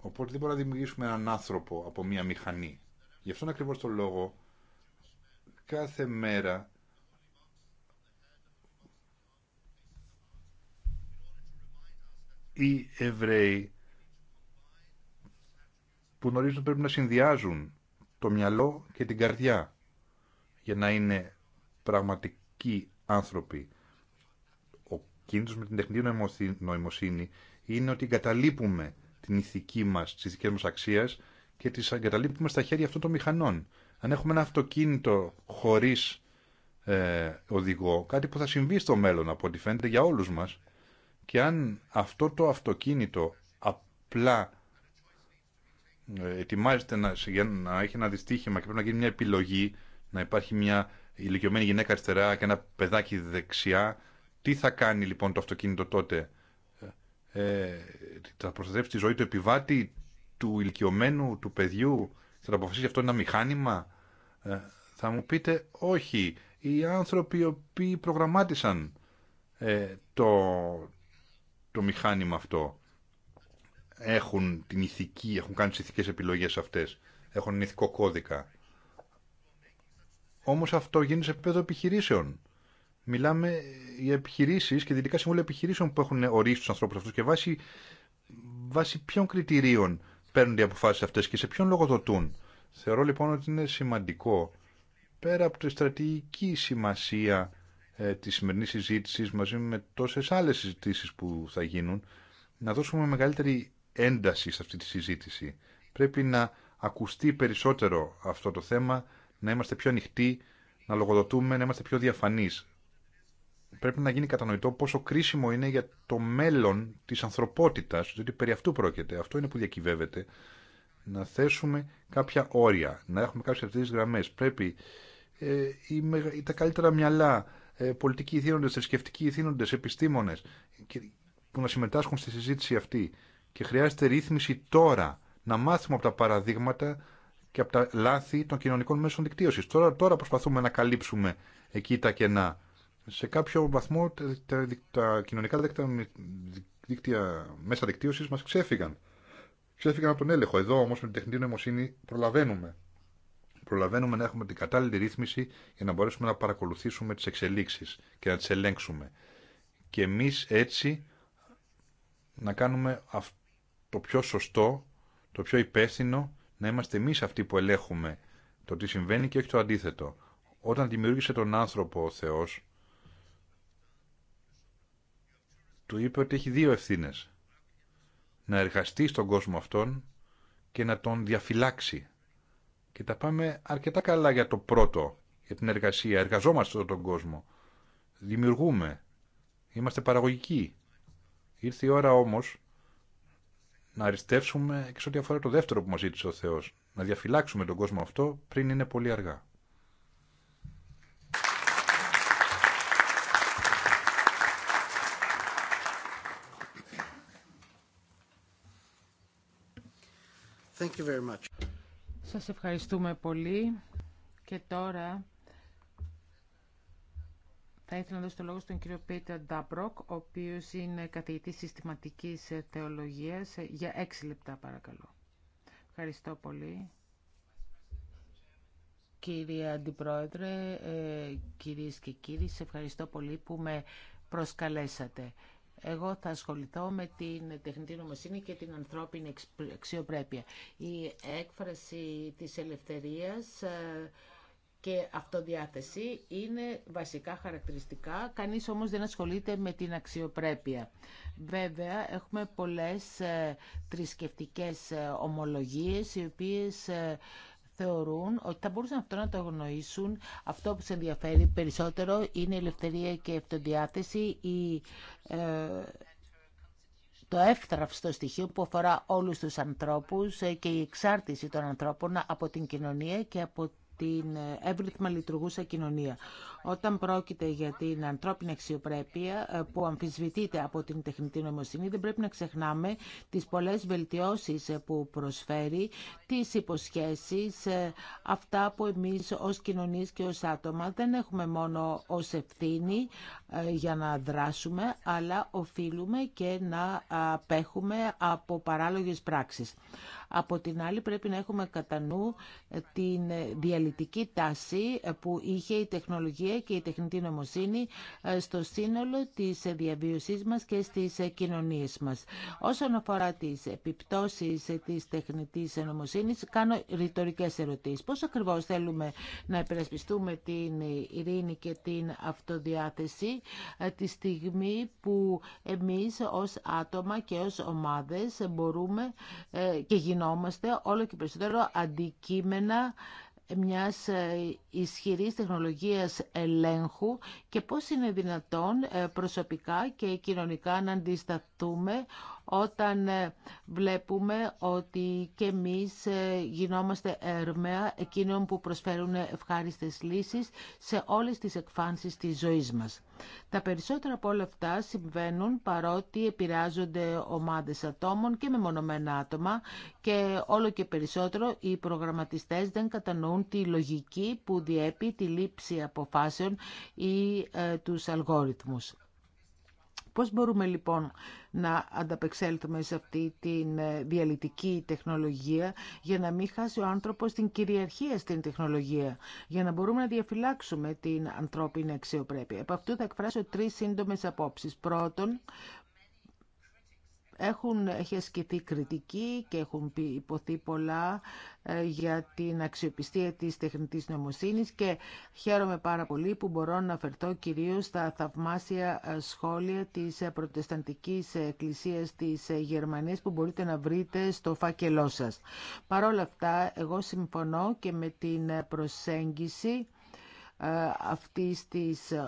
Οπότε δεν μπορούμε να δημιουργήσουμε έναν άνθρωπο από μία μηχανή. Γι' αυτόν ακριβώς τον λόγο κάθε μέρα οι Εβραίοι που γνωρίζουν πρέπει να συνδυάζουν το μυαλό και την καρδιά για να είναι πραγματικοί άνθρωποι. Ο κίνητος με την τεχνητή νοημοσύνη είναι ότι εγκαταλείπουμε την ηθική μας, τις ηθικές μας αξίες και τις εγκαταλείπουμε στα χέρια αυτών των μηχανών αν έχουμε ένα αυτοκίνητο χωρίς ε, οδηγό, κάτι που θα συμβεί στο μέλλον από ό,τι φαίνεται για όλους μας, και αν αυτό το αυτοκίνητο απλά ε, ετοιμάζεται να, να έχει ένα δυστύχημα και πρέπει να γίνει μια επιλογή, να υπάρχει μια ηλικιωμένη γυναίκα αριστερά και ένα παιδάκι δεξιά, τι θα κάνει λοιπόν το αυτοκίνητο τότε, ε, ε θα προστατεύσει τη ζωή του επιβάτη, του ηλικιωμένου, του παιδιού, θα το αποφασίσει αυτό ένα μηχάνημα. Ε, θα μου πείτε όχι. Οι άνθρωποι οι οποίοι προγραμμάτισαν ε, το, το μηχάνημα αυτό έχουν την ηθική, έχουν κάνει τις ηθικές επιλογές αυτές. Έχουν ένα ηθικό κώδικα. Όμως αυτό γίνεται σε επίπεδο επιχειρήσεων. Μιλάμε για επιχειρήσεις και δυτικά συμβούλια επιχειρήσεων που έχουν ορίσει τους ανθρώπους αυτούς και βάσει, βάσει ποιων κριτηρίων παίρνουν οι αυτές και σε ποιον λογοδοτούν. Θεωρώ λοιπόν ότι είναι σημαντικό, πέρα από τη στρατηγική σημασία ε, της σημερινής συζήτηση μαζί με τόσε άλλε συζητήσει που θα γίνουν, να δώσουμε μεγαλύτερη ένταση σε αυτή τη συζήτηση. Πρέπει να ακουστεί περισσότερο αυτό το θέμα, να είμαστε πιο ανοιχτοί, να λογοδοτούμε, να είμαστε πιο διαφανείς πρέπει να γίνει κατανοητό πόσο κρίσιμο είναι για το μέλλον τη ανθρωπότητα, διότι περί αυτού πρόκειται, αυτό είναι που διακυβεύεται, να θέσουμε κάποια όρια, να έχουμε κάποιες τι γραμμέ. Πρέπει ε, τα καλύτερα μυαλά, ε, πολιτικοί ηθήνοντε, θρησκευτικοί ηθήνοντε, επιστήμονε που να συμμετάσχουν στη συζήτηση αυτή. Και χρειάζεται ρύθμιση τώρα, να μάθουμε από τα παραδείγματα και από τα λάθη των κοινωνικών μέσων δικτύωσης. Τώρα, τώρα προσπαθούμε να καλύψουμε εκεί τα κενά σε κάποιο βαθμό τα, τα κοινωνικά δίκτυα, δίκτυα μέσα δικτύωση μα ξέφυγαν. Ξέφυγαν από τον έλεγχο. Εδώ όμω με την τεχνητή νοημοσύνη προλαβαίνουμε. Προλαβαίνουμε να έχουμε την κατάλληλη ρύθμιση για να μπορέσουμε να παρακολουθήσουμε τι εξελίξει και να τι ελέγξουμε. Και εμεί έτσι να κάνουμε το πιο σωστό, το πιο υπεύθυνο, να είμαστε εμεί αυτοί που ελέγχουμε το τι συμβαίνει και όχι το αντίθετο. Όταν δημιούργησε τον άνθρωπο ο Θεός, του είπε ότι έχει δύο ευθύνες. Να εργαστεί στον κόσμο αυτόν και να τον διαφυλάξει. Και τα πάμε αρκετά καλά για το πρώτο, για την εργασία. Εργαζόμαστε στον κόσμο. Δημιουργούμε. Είμαστε παραγωγικοί. Ήρθε η ώρα όμως να αριστεύσουμε και σε ό,τι αφορά το δεύτερο που μας ζήτησε ο Θεός. Να διαφυλάξουμε τον κόσμο αυτό πριν είναι πολύ αργά. Σας ευχαριστούμε πολύ. Και τώρα θα ήθελα να δώσω το λόγο στον κύριο Πίτερ Ντάμπροκ, ο οποίος είναι καθηγητής συστηματικής θεολογίας, για έξι λεπτά παρακαλώ. Ευχαριστώ πολύ. Κύριε Αντιπρόεδρε, ε, κυρίες και κύριοι, σε ευχαριστώ πολύ που με προσκαλέσατε. Εγώ θα ασχοληθώ με την τεχνητή νομοσύνη και την ανθρώπινη αξιοπρέπεια. Η έκφραση της ελευθερίας ε, και αυτοδιάθεση είναι βασικά χαρακτηριστικά. Κανείς όμως δεν ασχολείται με την αξιοπρέπεια. Βέβαια, έχουμε πολλές ε, θρησκευτικέ ε, ομολογίες οι οποίες θεωρούν ότι θα μπορούσαν αυτό να το αγνοήσουν. Αυτό που σε ενδιαφέρει περισσότερο είναι η ελευθερία και η αυτοδιάθεση, η, ε, το εύθραυστο στοιχείο που αφορά όλους τους ανθρώπους ε, και η εξάρτηση των ανθρώπων από την κοινωνία και από την εύρυθμα λειτουργούσα κοινωνία. Όταν πρόκειται για την ανθρώπινη αξιοπρέπεια ε, που αμφισβητείται από την τεχνητή νομοσύνη, δεν πρέπει να ξεχνάμε τις πολλές βελτιώσεις ε, που προσφέρει, τις υποσχέσεις, ε, αυτά που εμείς ως κοινωνίες και ως άτομα δεν έχουμε μόνο ως ευθύνη για να δράσουμε, αλλά οφείλουμε και να απέχουμε από παράλογες πράξεις. Από την άλλη πρέπει να έχουμε κατά νου ε, την ε, διαλυτική τάση ε, που είχε η τεχνολογία και η τεχνητή νομοσύνη στο σύνολο της διαβίωσής μας και στις κοινωνίες μας. Όσον αφορά τις επιπτώσεις της τεχνητής νομοσύνης, κάνω ρητορικές ερωτήσεις. Πώς ακριβώς θέλουμε να υπερασπιστούμε την ειρήνη και την αυτοδιάθεση τη στιγμή που εμείς ως άτομα και ως ομάδες μπορούμε και γίνουμε γινόμαστε όλο και περισσότερο αντικείμενα μιας ε, ισχυρής τεχνολογίας ελέγχου και πώς είναι δυνατόν ε, προσωπικά και κοινωνικά να αντισταθούμε όταν ε, βλέπουμε ότι και εμείς ε, γινόμαστε έρμεα εκείνων που προσφέρουν ευχάριστες λύσεις σε όλες τις εκφάνσεις της ζωής μας. Τα περισσότερα από όλα αυτά συμβαίνουν παρότι επηρεάζονται ομάδες ατόμων και μεμονωμένα άτομα και όλο και περισσότερο οι προγραμματιστές δεν κατανοούν τη λογική που διέπει τη λήψη αποφάσεων ή ε, τους αλγόριθμους. Πώς μπορούμε λοιπόν να ανταπεξέλθουμε σε αυτή την ε, διαλυτική τεχνολογία για να μην χάσει ο άνθρωπος την κυριαρχία στην τεχνολογία, για να μπορούμε να διαφυλάξουμε την ανθρώπινη αξιοπρέπεια. Επ' αυτού θα εκφράσω τρεις σύντομες απόψεις. Πρώτον, έχουν, έχει ασκηθεί κριτική και έχουν πει, υποθεί πολλά ε, για την αξιοπιστία της τεχνητής νομοσύνης και χαίρομαι πάρα πολύ που μπορώ να αφαιρθώ κυρίως στα θαυμάσια ε, σχόλια της ε, Προτεσταντικής Εκκλησίας της Γερμανίας που μπορείτε να βρείτε στο φάκελό σας. Παρ' αυτά, εγώ συμφωνώ και με την προσέγγιση ε, αυτής της ε,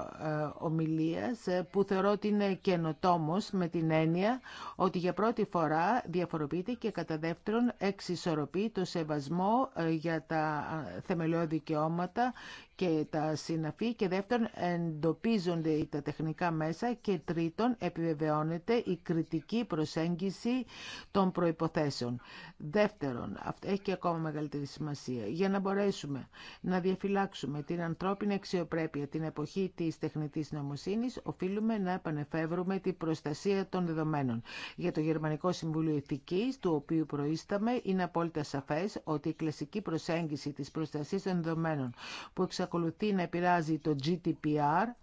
ομιλίας ε, που θεωρώ ότι είναι καινοτόμος με την έννοια ότι για πρώτη φορά διαφοροποιείται και κατά δεύτερον εξισορροπεί το σεβασμό για τα θεμελιώδη δικαιώματα και τα συναφή και δεύτερον εντοπίζονται τα τεχνικά μέσα και τρίτον επιβεβαιώνεται η κριτική προσέγγιση των προϋποθέσεων. Δεύτερον, αυτό έχει και ακόμα μεγαλύτερη σημασία, για να μπορέσουμε να διαφυλάξουμε την ανθρώπινη ανθρώπινη αξιοπρέπεια την εποχή της τεχνητής νομοσύνης, οφείλουμε να επανεφεύρουμε την προστασία των δεδομένων. Για το Γερμανικό Συμβούλιο Ηθικής, του οποίου προείσταμε, είναι απόλυτα σαφές ότι η κλασική προσέγγιση της προστασίας των δεδομένων που εξακολουθεί να επηρεάζει το GDPR,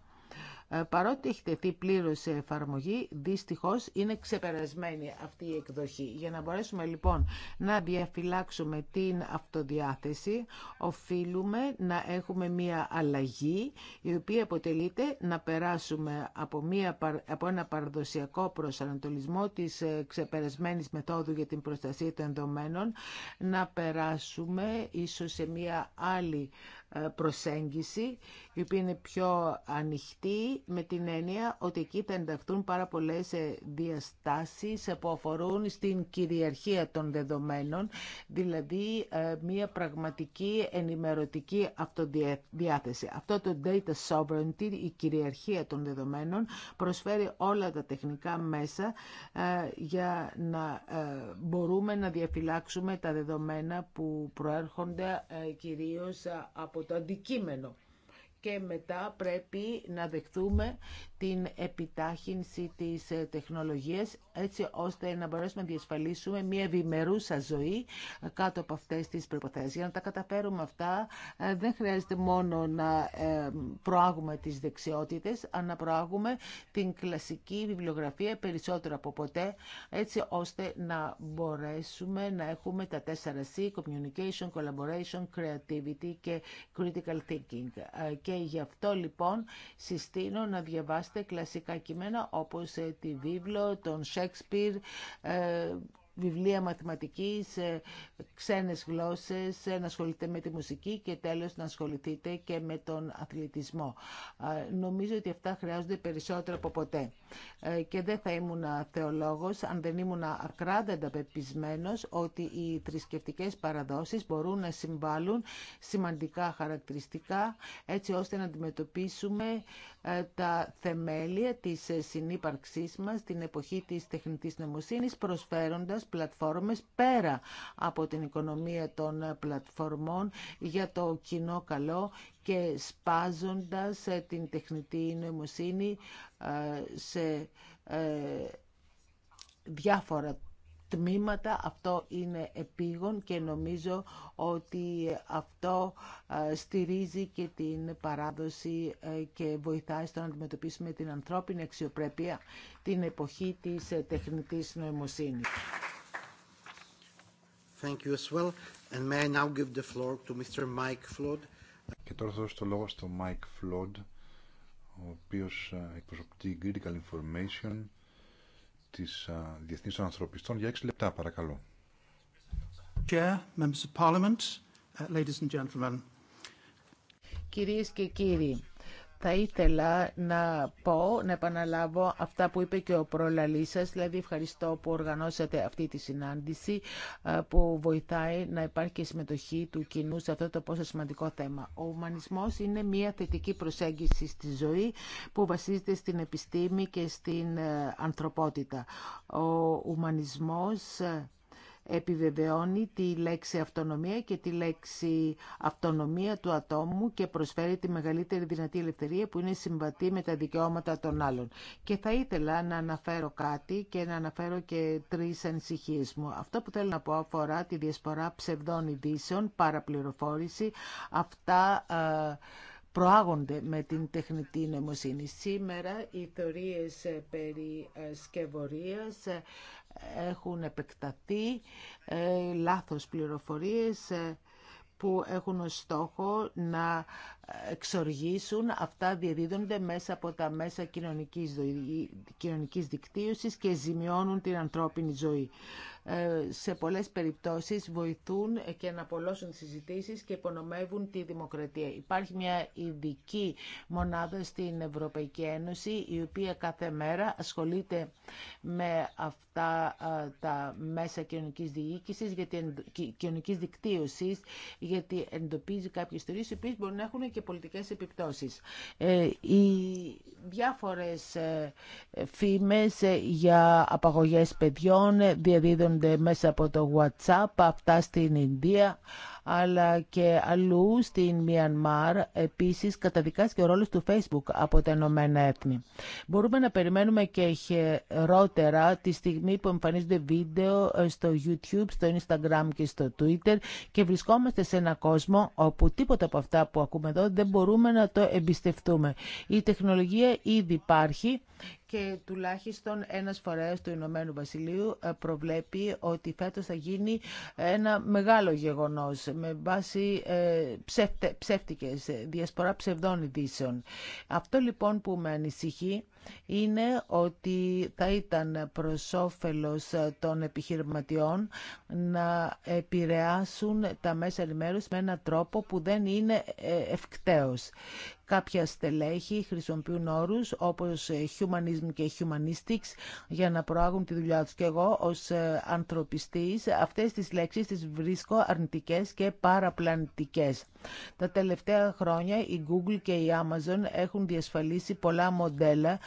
ε, παρότι έχει τεθεί πλήρω σε εφαρμογή, δυστυχώ είναι ξεπερασμένη αυτή η εκδοχή. Για να μπορέσουμε λοιπόν να διαφυλάξουμε την αυτοδιάθεση, οφείλουμε να έχουμε μία αλλαγή, η οποία αποτελείται να περάσουμε από, μία, από ένα παραδοσιακό προσανατολισμό της ε, ξεπερασμένη μεθόδου για την προστασία των ενδομένων, να περάσουμε ίσω σε μία άλλη ε, προσέγγιση, η οποία είναι πιο ανοιχτή με την έννοια ότι εκεί θα ενταχθούν πάρα πολλές ε, διαστάσεις που αφορούν στην κυριαρχία των δεδομένων, δηλαδή ε, μια πραγματική ενημερωτική αυτοδιάθεση. Αυτό το data sovereignty, η κυριαρχία των δεδομένων, προσφέρει όλα τα τεχνικά μέσα για να μπορούμε να διαφυλάξουμε τα δεδομένα που προέρχονται κυρίως από το αντικείμενο. Και μετά πρέπει να δεχτούμε την επιτάχυνση της ε, τεχνολογίας έτσι ώστε να μπορέσουμε να διασφαλίσουμε μια ευημερούσα ζωή κάτω από αυτές τις προϋποθέσεις. Για να τα καταφέρουμε αυτά ε, δεν χρειάζεται μόνο να ε, προάγουμε τις δεξιότητες, αλλά να προάγουμε την κλασική βιβλιογραφία περισσότερο από ποτέ έτσι ώστε να μπορέσουμε να έχουμε τα 4C, Communication, Collaboration, Creativity και Critical Thinking. Και γι' αυτό λοιπόν συστήνω να διαβάσουμε διαβάσετε κλασικά κείμενα όπως ε, τη βίβλο, τον Σέξπιρ, ε, βιβλία μαθηματικής, ξένες γλώσσες, να ασχοληθείτε με τη μουσική και τέλος να ασχοληθείτε και με τον αθλητισμό. Νομίζω ότι αυτά χρειάζονται περισσότερο από ποτέ. Ε, και δεν θα ήμουν θεολόγος αν δεν ήμουν ακράδαντα πεπισμένος ότι οι θρησκευτικέ παραδόσεις μπορούν να συμβάλλουν σημαντικά χαρακτηριστικά έτσι ώστε να αντιμετωπίσουμε ε, τα θεμέλια της συνύπαρξής μας την εποχή της τεχνητής νομοσύνης προσφέροντας πλατφόρμες πέρα από την οικονομία των πλατφορμών για το κοινό καλό και σπάζοντας ε, την τεχνητή νοημοσύνη ε, σε ε, διάφορα τμήματα. Αυτό είναι επίγον και νομίζω ότι αυτό στηρίζει και την παράδοση και βοηθάει στο να αντιμετωπίσουμε την ανθρώπινη αξιοπρέπεια την εποχή της τεχνητής νοημοσύνης give Mr. Και τώρα θα δώσω το λόγο στον Μάικ Flood, ο οποίος ε, εκπροσωπεί Critical Information της ε, Διεθνής των Ανθρωπιστών. Για 6 λεπτά, παρακαλώ. Κύριε uh, Κυρίες και κύριοι, θα ήθελα να πω, να επαναλάβω αυτά που είπε και ο πρόλαλή σα, δηλαδή ευχαριστώ που οργανώσατε αυτή τη συνάντηση που βοηθάει να υπάρχει και συμμετοχή του κοινού σε αυτό το πόσο σημαντικό θέμα. Ο ουμανισμός είναι μια θετική προσέγγιση στη ζωή που βασίζεται στην επιστήμη και στην ε, ανθρωπότητα. Ο ουμανισμός επιβεβαιώνει τη λέξη αυτονομία και τη λέξη αυτονομία του ατόμου και προσφέρει τη μεγαλύτερη δυνατή ελευθερία που είναι συμβατή με τα δικαιώματα των άλλων. Και θα ήθελα να αναφέρω κάτι και να αναφέρω και τρεις ανησυχίε μου. Αυτό που θέλω να πω αφορά τη διασπορά ψευδών ειδήσεων, παραπληροφόρηση, αυτά ε, προάγονται με την τεχνητή νοημοσύνη. Σήμερα οι θεωρίες ε, περί ε, σκευωρίας έχουν επεκταθεί ε, λάθος πληροφορίες ε, που έχουν ως στόχο να εξοργήσουν. Αυτά διαδίδονται μέσα από τα μέσα κοινωνικής, κοινωνικής δικτύωσης και ζημιώνουν την ανθρώπινη ζωή. Ε, σε πολλές περιπτώσεις βοηθούν και να αναπολώσουν συζητήσεις και υπονομεύουν τη δημοκρατία. Υπάρχει μια ειδική μονάδα στην Ευρωπαϊκή Ένωση η οποία κάθε μέρα ασχολείται με αυτά ε, τα μέσα κοινωνικής διοίκησης, γιατί, κοινωνικής δικτύωσης, γιατί εντοπίζει κάποιες ιστορίες οι οποίες μπορούν να έχουν και πολιτικές επιπτώσεις. Ε, οι διάφορες φήμες για απαγωγές παιδιών διαδίδουν γίνονται μέσα από το WhatsApp, αυτά στην Ινδία, αλλά και αλλού στην Μιανμάρ επίσης καταδικάστηκε ο ρόλος του Facebook από τα Ηνωμένα Έθνη. Μπορούμε να περιμένουμε και χερότερα τη στιγμή που εμφανίζονται βίντεο ε, στο YouTube, στο Instagram και στο Twitter και βρισκόμαστε σε ένα κόσμο όπου τίποτα από αυτά που ακούμε εδώ δεν μπορούμε να το εμπιστευτούμε. Η τεχνολογία ήδη υπάρχει και τουλάχιστον ένας φορέας του Ηνωμένου Βασιλείου ε, προβλέπει ότι φέτος θα γίνει ένα μεγάλο γεγονός με βάση ε, ψεύτικες, ε, διασπορά ψευδών ειδήσεων. Αυτό λοιπόν που με ανησυχεί είναι ότι θα ήταν προς όφελος ε, των επιχειρηματιών να επηρεάσουν τα μέσα ενημέρωση με έναν τρόπο που δεν είναι ε, ευκταίος. Κάποια στελέχη χρησιμοποιούν όρους όπως ε, humanism και humanistics για να προάγουν τη δουλειά τους. Και εγώ ως ανθρωπιστής αυτές τις λέξεις τις βρίσκω αρνητικές και παραπλανητικές. Τα τελευταία χρόνια η Google και η Amazon έχουν διασφαλίσει πολλά μοντέλα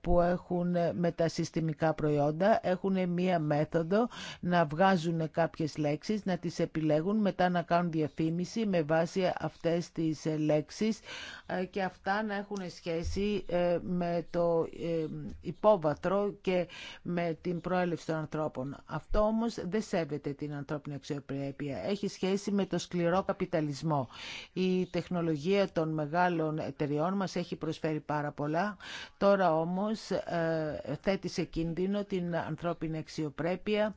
που έχουν με τα συστημικά προϊόντα έχουν μία μέθοδο να βγάζουν κάποιες λέξεις, να τις επιλέγουν, μετά να κάνουν διαφήμιση με βάση αυτές τις λέξεις και αυτά να έχουν σχέση ε, με το ε, υπόβαθρο και με την προέλευση των ανθρώπων. Αυτό όμως δεν σέβεται την ανθρώπινη αξιοπρέπεια. Έχει σχέση με το σκληρό καπιταλισμό. Η τεχνολογία των μεγάλων εταιριών μας έχει προσφέρει πάρα πολλά. Τώρα όμως ε, θέτει σε κίνδυνο την ανθρώπινη αξιοπρέπεια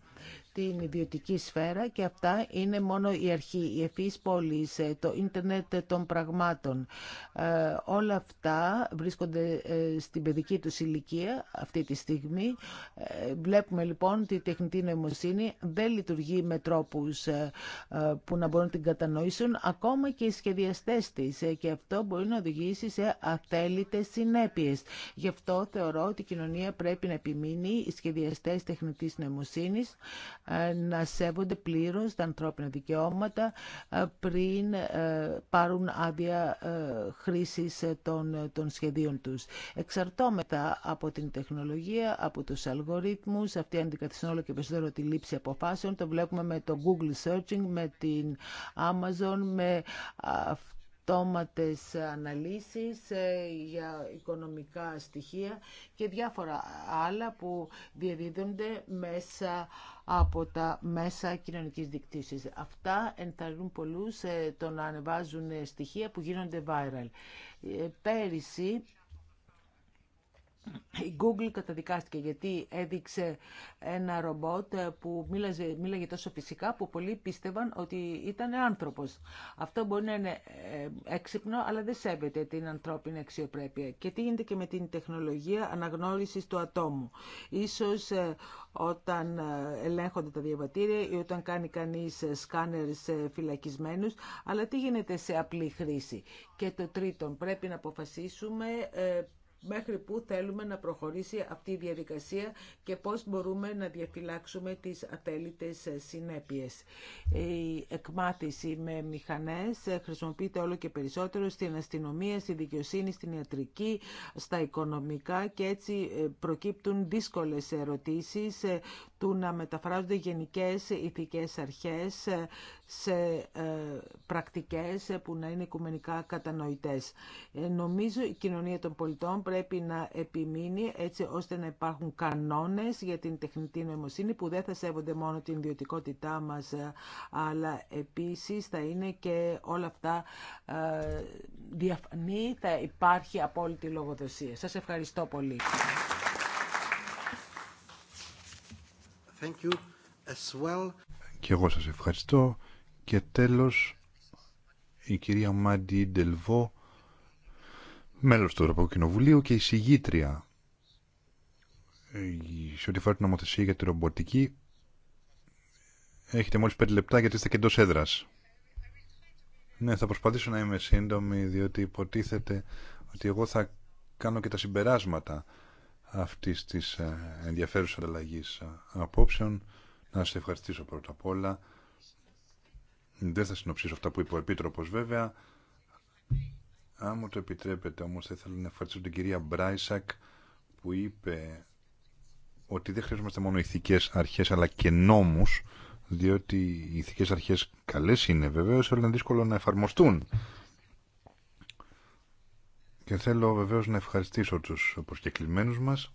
την ιδιωτική σφαίρα και αυτά είναι μόνο η αρχή, η ευφύης πόλης, ε, το ίντερνετ των πραγμάτων. Ε, όλα αυτά βρίσκονται ε, στην παιδική του ηλικία αυτή τη στιγμή. βλέπουμε λοιπόν ότι η τεχνητή νοημοσύνη δεν λειτουργεί με τρόπους που να μπορούν να την κατανοήσουν ακόμα και οι σχεδιαστές της και αυτό μπορεί να οδηγήσει σε αθέλητες συνέπειες. Γι' αυτό θεωρώ ότι η κοινωνία πρέπει να επιμείνει οι σχεδιαστές τεχνητής νοημοσύνης να σέβονται πλήρως τα ανθρώπινα δικαιώματα ε, πριν ε, πάρουν άδεια ε, χρήσης των, σχεδίων τους. Εξαρτώμετα από την τεχνολογία, από τους αλγορίθμους, αυτή αντικαθιστούν όλο και περισσότερο τη λήψη αποφάσεων. Το βλέπουμε με το Google Searching, με την Amazon, με αυτόματες αναλύσεις ε, για οικονομικά στοιχεία και διάφορα άλλα που διαδίδονται μέσα από τα μέσα κοινωνικής δικτύωσης. Αυτά ενθαρρύνουν πολλούς ε, το να ανεβάζουν στοιχεία που γίνονται viral. Ε, πέρυσι η Google καταδικάστηκε γιατί έδειξε ένα ρομπότ που μίλαζε, μίλαγε τόσο φυσικά που πολλοί πίστευαν ότι ήταν άνθρωπος. Αυτό μπορεί να είναι ε, έξυπνο, αλλά δεν σέβεται την ανθρώπινη αξιοπρέπεια. Και τι γίνεται και με την τεχνολογία αναγνώρισης του ατόμου. Ίσως ε, όταν ε, ελέγχονται τα διαβατήρια ή όταν κάνει κανείς σκάνερ σε φυλακισμένους, αλλά τι γίνεται σε απλή χρήση. Και το τρίτον, πρέπει να αποφασίσουμε μέχρι πού θέλουμε να προχωρήσει αυτή η διαδικασία και πώς μπορούμε να διαφυλάξουμε τις ατέλειτες συνέπειες. Η εκμάθηση με μηχανές χρησιμοποιείται όλο και περισσότερο στην αστυνομία, στη δικαιοσύνη, στην ιατρική, στα οικονομικά και έτσι ε, προκύπτουν δύσκολες ερωτήσεις ε, του να μεταφράζονται γενικές ηθικές αρχές ε, σε πρακτικές που να είναι οικουμενικά κατανοητές. Νομίζω η κοινωνία των πολιτών πρέπει να επιμείνει έτσι ώστε να υπάρχουν κανόνες για την τεχνητή νοημοσύνη που δεν θα σέβονται μόνο την ιδιωτικότητά μας ε, αλλά επίσης θα είναι και όλα αυτά ε, διαφανή, θα υπάρχει απόλυτη λογοδοσία. Σας ευχαριστώ πολύ. Thank Και εγώ σας ευχαριστώ. Και τέλος η κυρία Μάντι Ντελβό μέλος του Ευρωπαϊκού Κοινοβουλίου και εισηγήτρια ε, σε ό,τι αφορά την νομοθεσία για τη ρομποτική. Έχετε μόλις 5 λεπτά γιατί είστε και εντός έδρας. Ναι, θα προσπαθήσω να είμαι σύντομη διότι υποτίθεται ότι εγώ θα κάνω και τα συμπεράσματα αυτής της ε, ενδιαφέρουσα αλλαγή ε, απόψεων. Να σας ευχαριστήσω πρώτα απ' όλα. Δεν θα συνοψίσω αυτά που είπε ο Επίτροπος βέβαια. Αν μου το επιτρέπετε όμως θα ήθελα να ευχαριστήσω την κυρία Μπράισακ που είπε ότι δεν χρειαζόμαστε μόνο ηθικές αρχές αλλά και νόμους διότι οι ηθικές αρχές καλές είναι βεβαίω. αλλά είναι δύσκολο να εφαρμοστούν. Και θέλω βεβαίω να ευχαριστήσω τους προσκεκλημένους μας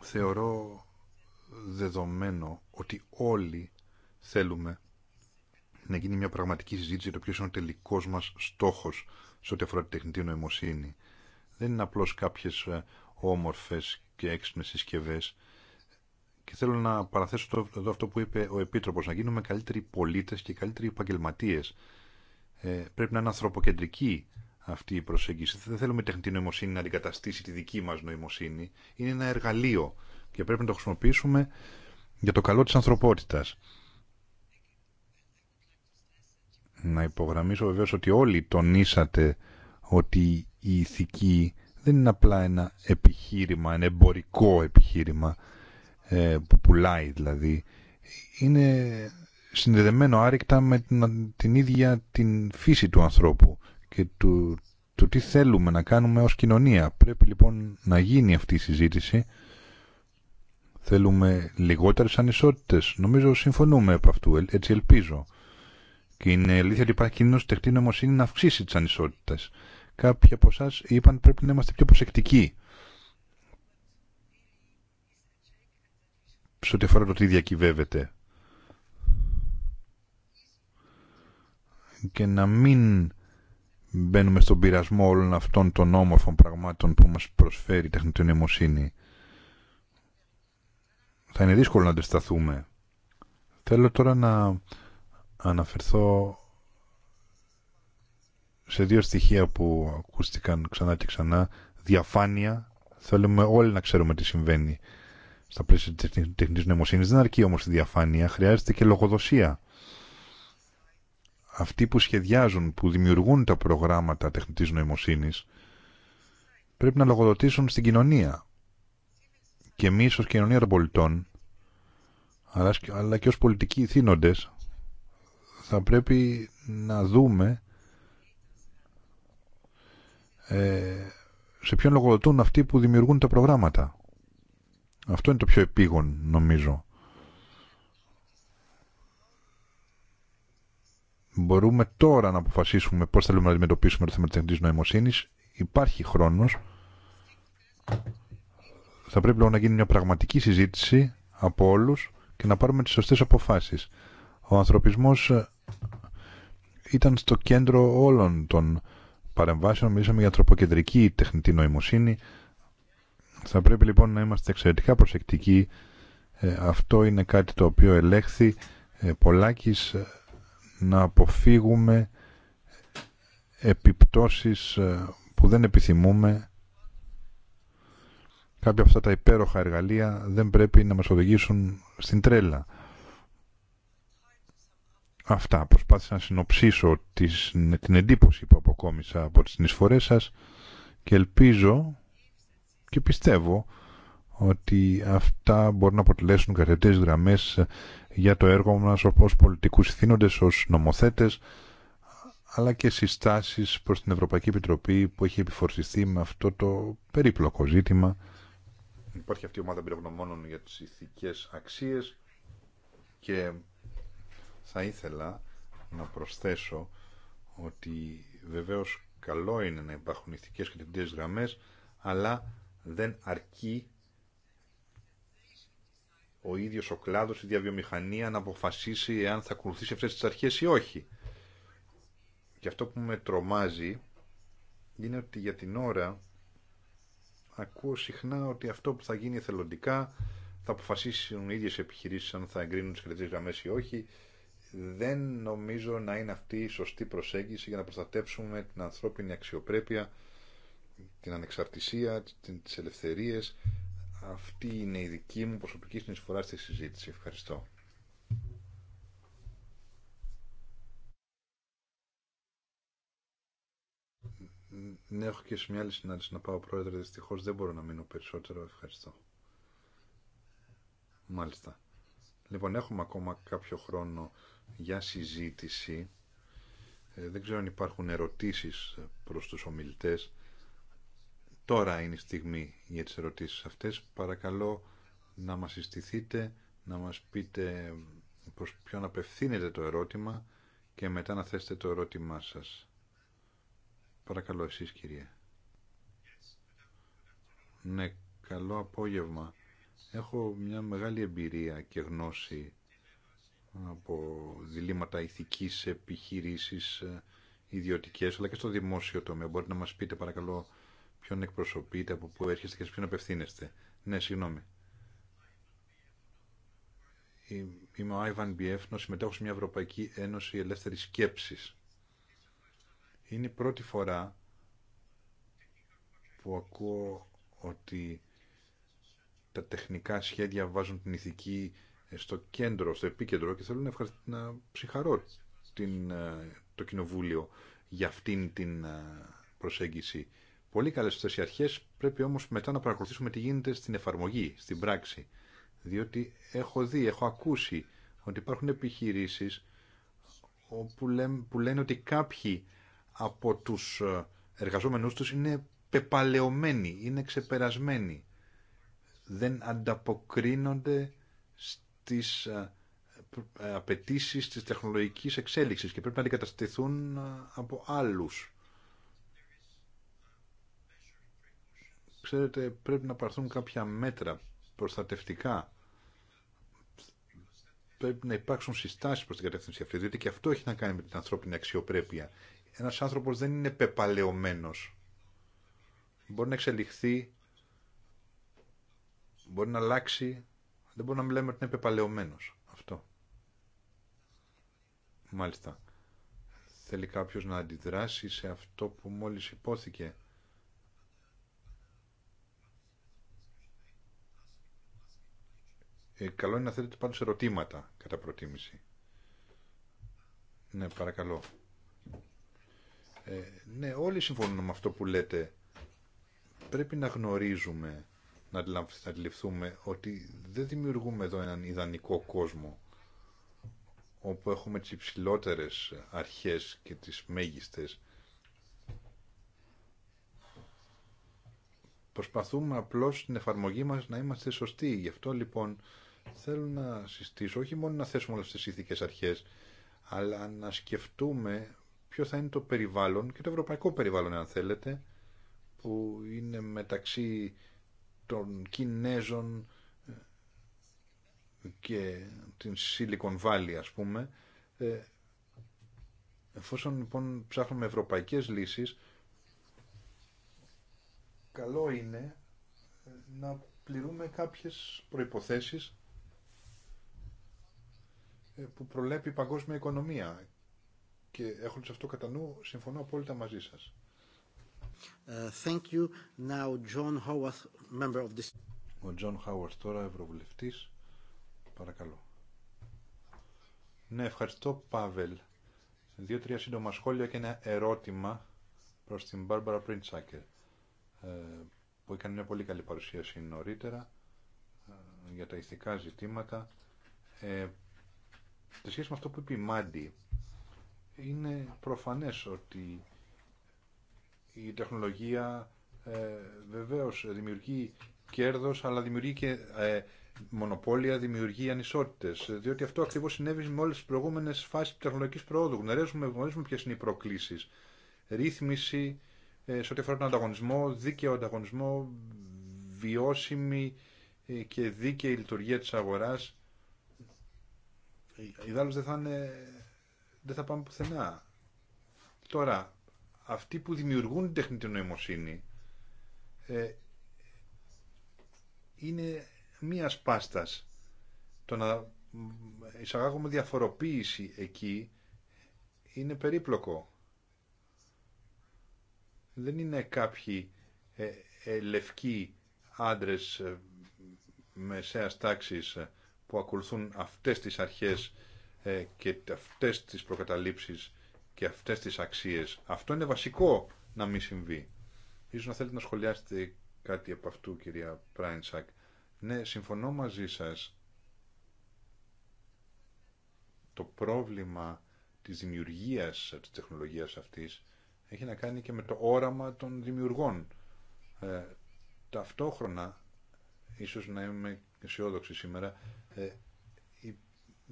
θεωρώ δεδομένο ότι όλοι θέλουμε να γίνει μια πραγματική συζήτηση για το ποιο είναι ο τελικό μα στόχο σε ό,τι αφορά τη τεχνητή νοημοσύνη. Δεν είναι απλώ κάποιε όμορφε και έξυπνε συσκευέ. Και θέλω να παραθέσω εδώ αυτό που είπε ο επίτροπο, να γίνουμε καλύτεροι πολίτε και καλύτεροι επαγγελματίε. Ε, πρέπει να είναι ανθρωποκεντρική αυτή η προσέγγιση. Δεν θέλουμε η τεχνητή νοημοσύνη να αντικαταστήσει τη δική μα νοημοσύνη. Είναι ένα εργαλείο και πρέπει να το χρησιμοποιήσουμε για το καλό της ανθρωπότητας. Να υπογραμμίσω βεβαίως ότι όλοι τονίσατε ότι η ηθική δεν είναι απλά ένα επιχείρημα, ένα εμπορικό επιχείρημα ε, που πουλάει δηλαδή. Είναι συνδεδεμένο άρρηκτα με την, την ίδια την φύση του ανθρώπου και του, του τι θέλουμε να κάνουμε ως κοινωνία. Πρέπει λοιπόν να γίνει αυτή η συζήτηση Θέλουμε λιγότερες ανισότητες. Νομίζω συμφωνούμε από αυτού, ε, έτσι ελπίζω. Και είναι αλήθεια ότι υπάρχει κίνδυνος νομοσύνη να αυξήσει τις ανισότητες. Κάποιοι από εσά είπαν πρέπει να είμαστε πιο προσεκτικοί. Σε ό,τι αφορά το τι διακυβεύεται. Και να μην μπαίνουμε στον πειρασμό όλων αυτών των όμορφων πραγμάτων που μας προσφέρει η τεχνητή νομοσύνη θα είναι δύσκολο να αντισταθούμε. Θέλω τώρα να αναφερθώ σε δύο στοιχεία που ακούστηκαν ξανά και ξανά. Διαφάνεια. Θέλουμε όλοι να ξέρουμε τι συμβαίνει στα πλαίσια της τεχνητής νοημοσύνης. Δεν αρκεί όμως η διαφάνεια. Χρειάζεται και λογοδοσία. Αυτοί που σχεδιάζουν, που δημιουργούν τα προγράμματα τεχνητής νοημοσύνης πρέπει να λογοδοτήσουν στην κοινωνία και εμεί ω κοινωνία των πολιτών αλλά και ω πολιτικοί θύνοντες θα πρέπει να δούμε ε, σε ποιον λογοδοτούν αυτοί που δημιουργούν τα προγράμματα. Αυτό είναι το πιο επίγον νομίζω. Μπορούμε τώρα να αποφασίσουμε πώς θέλουμε να αντιμετωπίσουμε το θέμα της τεχνητής νοημοσύνης. Υπάρχει χρόνος θα πρέπει λοιπόν να γίνει μια πραγματική συζήτηση από όλου και να πάρουμε τις σωστές αποφάσεις. Ο ανθρωπισμός ε, ήταν στο κέντρο όλων των παρεμβάσεων. Μιλήσαμε για τροποκεντρική τεχνητή νοημοσύνη. Θα πρέπει λοιπόν να είμαστε εξαιρετικά προσεκτικοί. Ε, αυτό είναι κάτι το οποίο ελέγχθη ε, ε να αποφύγουμε επιπτώσεις που δεν επιθυμούμε κάποια από αυτά τα υπέροχα εργαλεία δεν πρέπει να μας οδηγήσουν στην τρέλα. Αυτά. Προσπάθησα να συνοψίσω τις, την εντύπωση που αποκόμισα από τις συνεισφορές σας και ελπίζω και πιστεύω ότι αυτά μπορούν να αποτελέσουν καθετές γραμμές για το έργο μας ως πολιτικούς θύνοντες, ως νομοθέτες αλλά και συστάσεις προς την Ευρωπαϊκή Επιτροπή που έχει επιφορτιστεί με αυτό το περίπλοκο ζήτημα Υπάρχει αυτή η ομάδα πυρογνωμόνων για τις ηθικές αξίες και θα ήθελα να προσθέσω ότι βεβαίως καλό είναι να υπάρχουν ηθικές και γραμμές αλλά δεν αρκεί ο ίδιος ο κλάδος, η διαβιομηχανία να αποφασίσει εάν θα ακολουθήσει αυτές τις αρχές ή όχι. Και αυτό που με τρομάζει είναι ότι για την ώρα ακούω συχνά ότι αυτό που θα γίνει εθελοντικά θα αποφασίσουν οι ίδιες επιχειρήσεις αν θα εγκρίνουν τις κρατικές γραμμές ή όχι. Δεν νομίζω να είναι αυτή η σωστή προσέγγιση για να προστατεύσουμε την ανθρώπινη αξιοπρέπεια, την ανεξαρτησία, τις ελευθερίες. Αυτή είναι η δική μου προσωπική συνεισφορά στη συζήτηση. Ευχαριστώ. Ναι, έχω και σε μια άλλη συνάντηση να πάω, Πρόεδρε. Δυστυχώ δεν μπορώ να μείνω περισσότερο. Ευχαριστώ. Μάλιστα. Λοιπόν, έχουμε ακόμα κάποιο χρόνο για συζήτηση. Ε, δεν ξέρω αν υπάρχουν ερωτήσεις προς τους ομιλητές. Τώρα είναι η στιγμή για τις ερωτήσεις αυτές. Παρακαλώ να μας συστηθείτε, να μας πείτε προς ποιον απευθύνεται το ερώτημα και μετά να θέσετε το ερώτημά σας. Παρακαλώ εσείς κυρία. Ναι, καλό απόγευμα. Έχω μια μεγάλη εμπειρία και γνώση από διλήμματα ηθικής επιχειρήσεις ε, ιδιωτικές αλλά και στο δημόσιο τομέα. Μπορείτε να μας πείτε παρακαλώ ποιον εκπροσωπείτε, από πού έρχεστε και σε ποιον απευθύνεστε. Ναι, συγγνώμη. Είμαι ο Άιβαν Μπιέφνο, συμμετέχω σε μια Ευρωπαϊκή Ένωση Ελεύθερης Σκέψης. Είναι η πρώτη φορά που ακούω ότι τα τεχνικά σχέδια βάζουν την ηθική στο κέντρο, στο επίκεντρο και θέλω να, να ψυχαρώ την, ε, το Κοινοβούλιο για αυτήν την ε, προσέγγιση. Πολύ καλές αυτές οι αρχές, πρέπει όμως μετά να παρακολουθήσουμε τι γίνεται στην εφαρμογή, στην πράξη. Διότι έχω δει, έχω ακούσει ότι υπάρχουν επιχειρήσεις που λένε ότι κάποιοι από τους ε, εργαζόμενους τους είναι πεπαλαιωμένοι, είναι ξεπερασμένοι. Δεν ανταποκρίνονται στις ε, ε, απαιτήσεις της τεχνολογικής εξέλιξης και πρέπει να αντικαταστηθούν από άλλους. Ξέρετε, πρέπει να παρθούν κάποια μέτρα προστατευτικά. Πρέπει να υπάρξουν συστάσεις προς την κατεύθυνση αυτή, διότι και αυτό έχει να κάνει με την ανθρώπινη αξιοπρέπεια ένας άνθρωπος δεν είναι πεπαλαιωμένος. Μπορεί να εξελιχθεί, μπορεί να αλλάξει, δεν μπορεί να μιλάμε ότι είναι πεπαλαιωμένος. Αυτό. Μάλιστα. Θέλει κάποιος να αντιδράσει σε αυτό που μόλις υπόθηκε. Ε, καλό είναι να θέλετε πάντως ερωτήματα, κατά προτίμηση. Ναι, παρακαλώ. Ε, ναι, όλοι συμφωνούν με αυτό που λέτε. Πρέπει να γνωρίζουμε, να αντιληφθούμε ότι δεν δημιουργούμε εδώ έναν ιδανικό κόσμο όπου έχουμε τις υψηλότερες αρχές και τις μέγιστες. Προσπαθούμε απλώς στην εφαρμογή μας να είμαστε σωστοί. Γι' αυτό λοιπόν θέλω να συστήσω όχι μόνο να θέσουμε όλες τις ηθικές αρχές, αλλά να σκεφτούμε ποιο θα είναι το περιβάλλον και το ευρωπαϊκό περιβάλλον αν θέλετε που είναι μεταξύ των Κινέζων ε, και την Silicon Valley ας πούμε ε, εφόσον λοιπόν ψάχνουμε ευρωπαϊκές λύσεις καλό είναι ε, να πληρούμε κάποιες προϋποθέσεις που προλέπει η παγκόσμια οικονομία και έχοντα αυτό κατά νου, συμφωνώ απόλυτα μαζί σα. Ε, thank you. Now, John this... Ο Τζον Χάουαρτ τώρα, ευρωβουλευτή, Παρακαλώ. Ναι, ευχαριστώ Πάβελ. Δύο-τρία σύντομα σχόλια και ένα ερώτημα προ την Μπάρμπαρα Πριντσάκερ ε, που έκανε μια πολύ καλή παρουσίαση νωρίτερα ε, για τα ηθικά ζητήματα. σε σχέση με αυτό που είπε η Μάντι, είναι προφανές ότι η τεχνολογία ε, βεβαίως δημιουργεί κέρδος αλλά δημιουργεί και ε, μονοπόλια, δημιουργεί ανισότητες διότι αυτό ακριβώς συνέβη με όλες τις προηγούμενες φάσεις της τεχνολογικής προόδου γνωρίζουμε, γνωρίζουμε ποιες είναι οι προκλήσεις ρύθμιση ε, σε ό,τι αφορά τον ανταγωνισμό, δίκαιο ανταγωνισμό βιώσιμη ε, και δίκαιη λειτουργία της αγοράς ε, Ιδάλλως δεν θα είναι δεν θα πάμε πουθενά. Τώρα, αυτοί που δημιουργούν την τεχνητή νοημοσύνη ε, είναι μία πάστας. Το να εισαγάγουμε διαφοροποίηση εκεί είναι περίπλοκο. Δεν είναι κάποιοι ε, ε, λευκοί άντρες ε, μεσαίας τάξης ε, που ακολουθούν αυτές τις αρχές ε, και αυτές τις προκαταλήψεις και αυτές τις αξίες. Αυτό είναι βασικό να μην συμβεί. Ίσως να θέλετε να σχολιάσετε κάτι από αυτού, κυρία Πράιντσακ. Ναι, συμφωνώ μαζί σας. Το πρόβλημα της δημιουργίας της τεχνολογίας αυτής έχει να κάνει και με το όραμα των δημιουργών. Ε, ταυτόχρονα, ίσως να είμαι αισιόδοξη σήμερα, ε,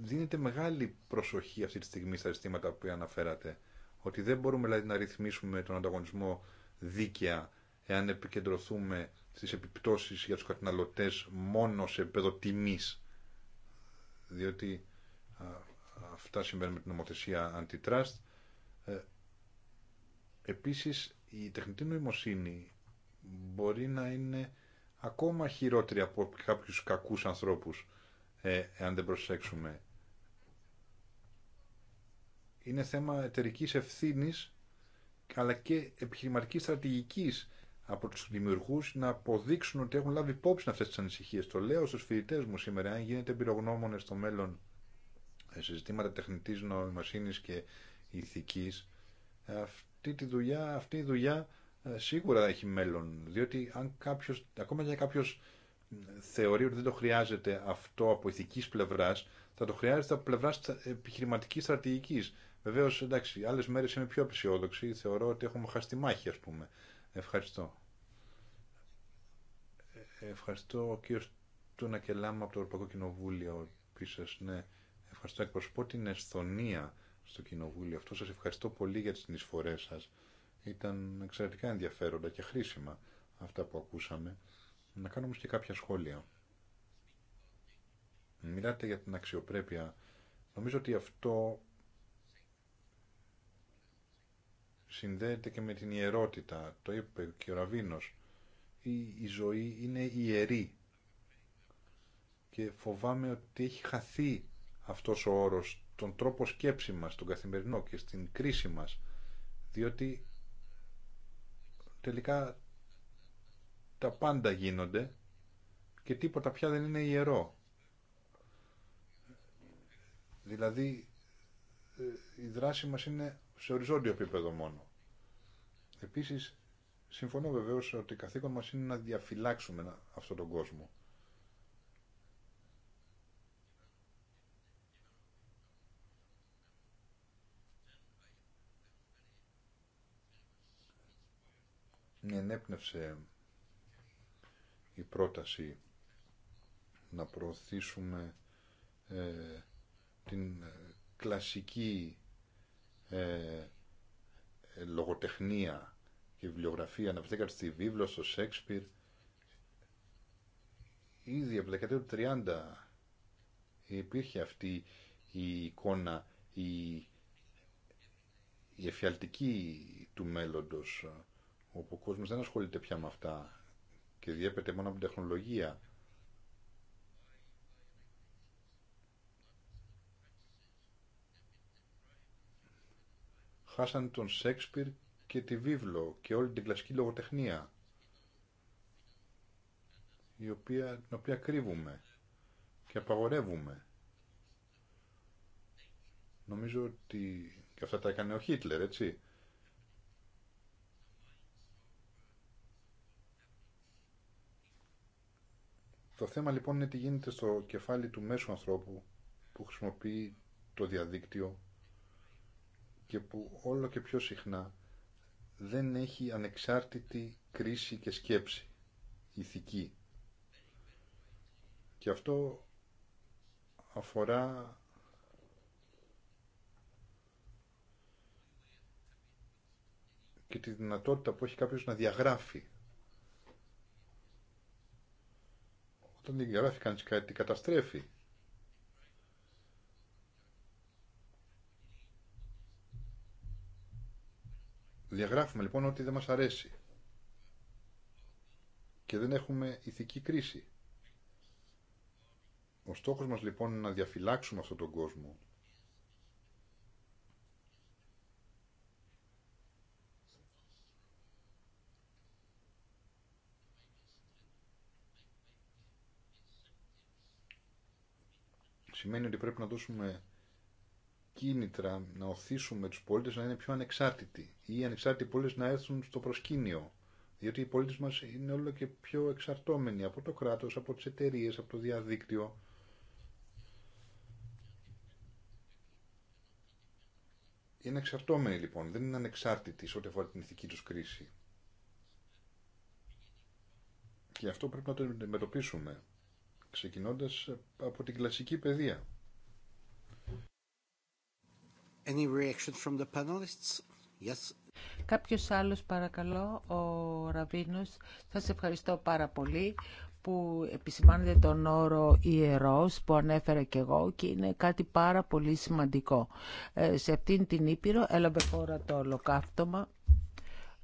δίνεται μεγάλη προσοχή αυτή τη στιγμή στα ζητήματα που αναφέρατε. Ότι δεν μπορούμε δηλαδή, να ρυθμίσουμε τον ανταγωνισμό δίκαια εάν επικεντρωθούμε στις επιπτώσεις για τους καταναλωτές μόνο σε επίπεδο τιμή. Διότι α, αυτά συμβαίνουν με την νομοθεσία antitrust. Ε, επίσης, η τεχνητή νοημοσύνη μπορεί να είναι ακόμα χειρότερη από κάποιου κακού ανθρώπου ε, εάν δεν προσέξουμε είναι θέμα εταιρική ευθύνη αλλά και επιχειρηματική στρατηγική από του δημιουργού να αποδείξουν ότι έχουν λάβει υπόψη αυτέ τι ανησυχίε. Το λέω στου φοιτητέ μου σήμερα, αν γίνεται εμπειρογνώμονε στο μέλλον σε ζητήματα τεχνητή νοημοσύνη και ηθική, αυτή, αυτή η δουλειά ε, σίγουρα έχει μέλλον. Διότι αν κάποιος, ακόμα και κάποιο θεωρεί ότι δεν το χρειάζεται αυτό από ηθικής πλευρά, θα το χρειάζεται από πλευρά επιχειρηματική στρατηγική. Βεβαίω, εντάξει, άλλε μέρε είμαι πιο αισιόδοξη. Θεωρώ ότι έχουμε χάσει τη μάχη, α πούμε. Ευχαριστώ. Ε, ευχαριστώ ο κύριο Τούνα και από το Ευρωπαϊκό Κοινοβούλιο επίση. Ναι. Ευχαριστώ. Εκπροσωπώ την Εσθονία στο Κοινοβούλιο αυτό. Σα ευχαριστώ πολύ για τι συνεισφορέ σα. Ήταν εξαιρετικά ενδιαφέροντα και χρήσιμα αυτά που ακούσαμε. Να κάνω όμω και κάποια σχόλια. Μιλάτε για την αξιοπρέπεια. Νομίζω ότι αυτό συνδέεται και με την ιερότητα. Το είπε και ο Ραβίνος. Η, η ζωή είναι ιερή. Και φοβάμαι ότι έχει χαθεί αυτός ο όρος, τον τρόπο σκέψη μας, τον καθημερινό και στην κρίση μας. Διότι τελικά τα πάντα γίνονται και τίποτα πια δεν είναι ιερό. Δηλαδή ε, η δράση μας είναι σε οριζόντιο επίπεδο μόνο. Επίση, συμφωνώ βεβαίω ότι καθήκον μα είναι να διαφυλάξουμε αυτόν τον κόσμο. ενέπνευσε η πρόταση να προωθήσουμε ε, την κλασική ε, ε, λογοτεχνία και βιβλιογραφία αναφερθήκατε στη βίβλο, στο Σέξπιρ ήδη από τα δεκαετία 30 υπήρχε αυτή η εικόνα η, η εφιαλτική του μέλλοντος όπου ο κόσμος δεν ασχολείται πια με αυτά και διέπεται μόνο από την τεχνολογία χάσανε τον Σέξπιρ και τη βίβλο και όλη την κλασική λογοτεχνία η οποία, την οποία κρύβουμε και απαγορεύουμε. Νομίζω ότι και αυτά τα έκανε ο Χίτλερ, έτσι. Το θέμα λοιπόν είναι τι γίνεται στο κεφάλι του μέσου ανθρώπου που χρησιμοποιεί το διαδίκτυο και που όλο και πιο συχνά δεν έχει ανεξάρτητη κρίση και σκέψη ηθική. Και αυτό αφορά και τη δυνατότητα που έχει κάποιος να διαγράφει. Όταν διαγράφει κανείς κάτι, καταστρέφει. Διαγράφουμε λοιπόν ότι δεν μας αρέσει και δεν έχουμε ηθική κρίση. Ο στόχος μας λοιπόν είναι να διαφυλάξουμε αυτόν τον κόσμο σημαίνει ότι πρέπει να δώσουμε κίνητρα να οθήσουμε τους πολίτες να είναι πιο ανεξάρτητοι ή οι ανεξάρτητοι πολίτες να έρθουν στο προσκήνιο. Διότι οι πολίτες μας είναι όλο και πιο εξαρτώμενοι από το κράτος, από τις εταιρείε, από το διαδίκτυο. Είναι εξαρτώμενοι λοιπόν, δεν είναι ανεξάρτητοι σε ό,τι αφορά την ηθική τους κρίση. Και αυτό πρέπει να το αντιμετωπίσουμε, ξεκινώντας από την κλασική παιδεία. Any reaction Κάποιος άλλος παρακαλώ, ο Ραβίνος. σε ευχαριστώ πάρα πολύ που επισημάνεται τον όρο ιερός που ανέφερα και εγώ και είναι κάτι πάρα πολύ σημαντικό. Ε, σε αυτήν την Ήπειρο έλαβε χώρα το ολοκαύτωμα.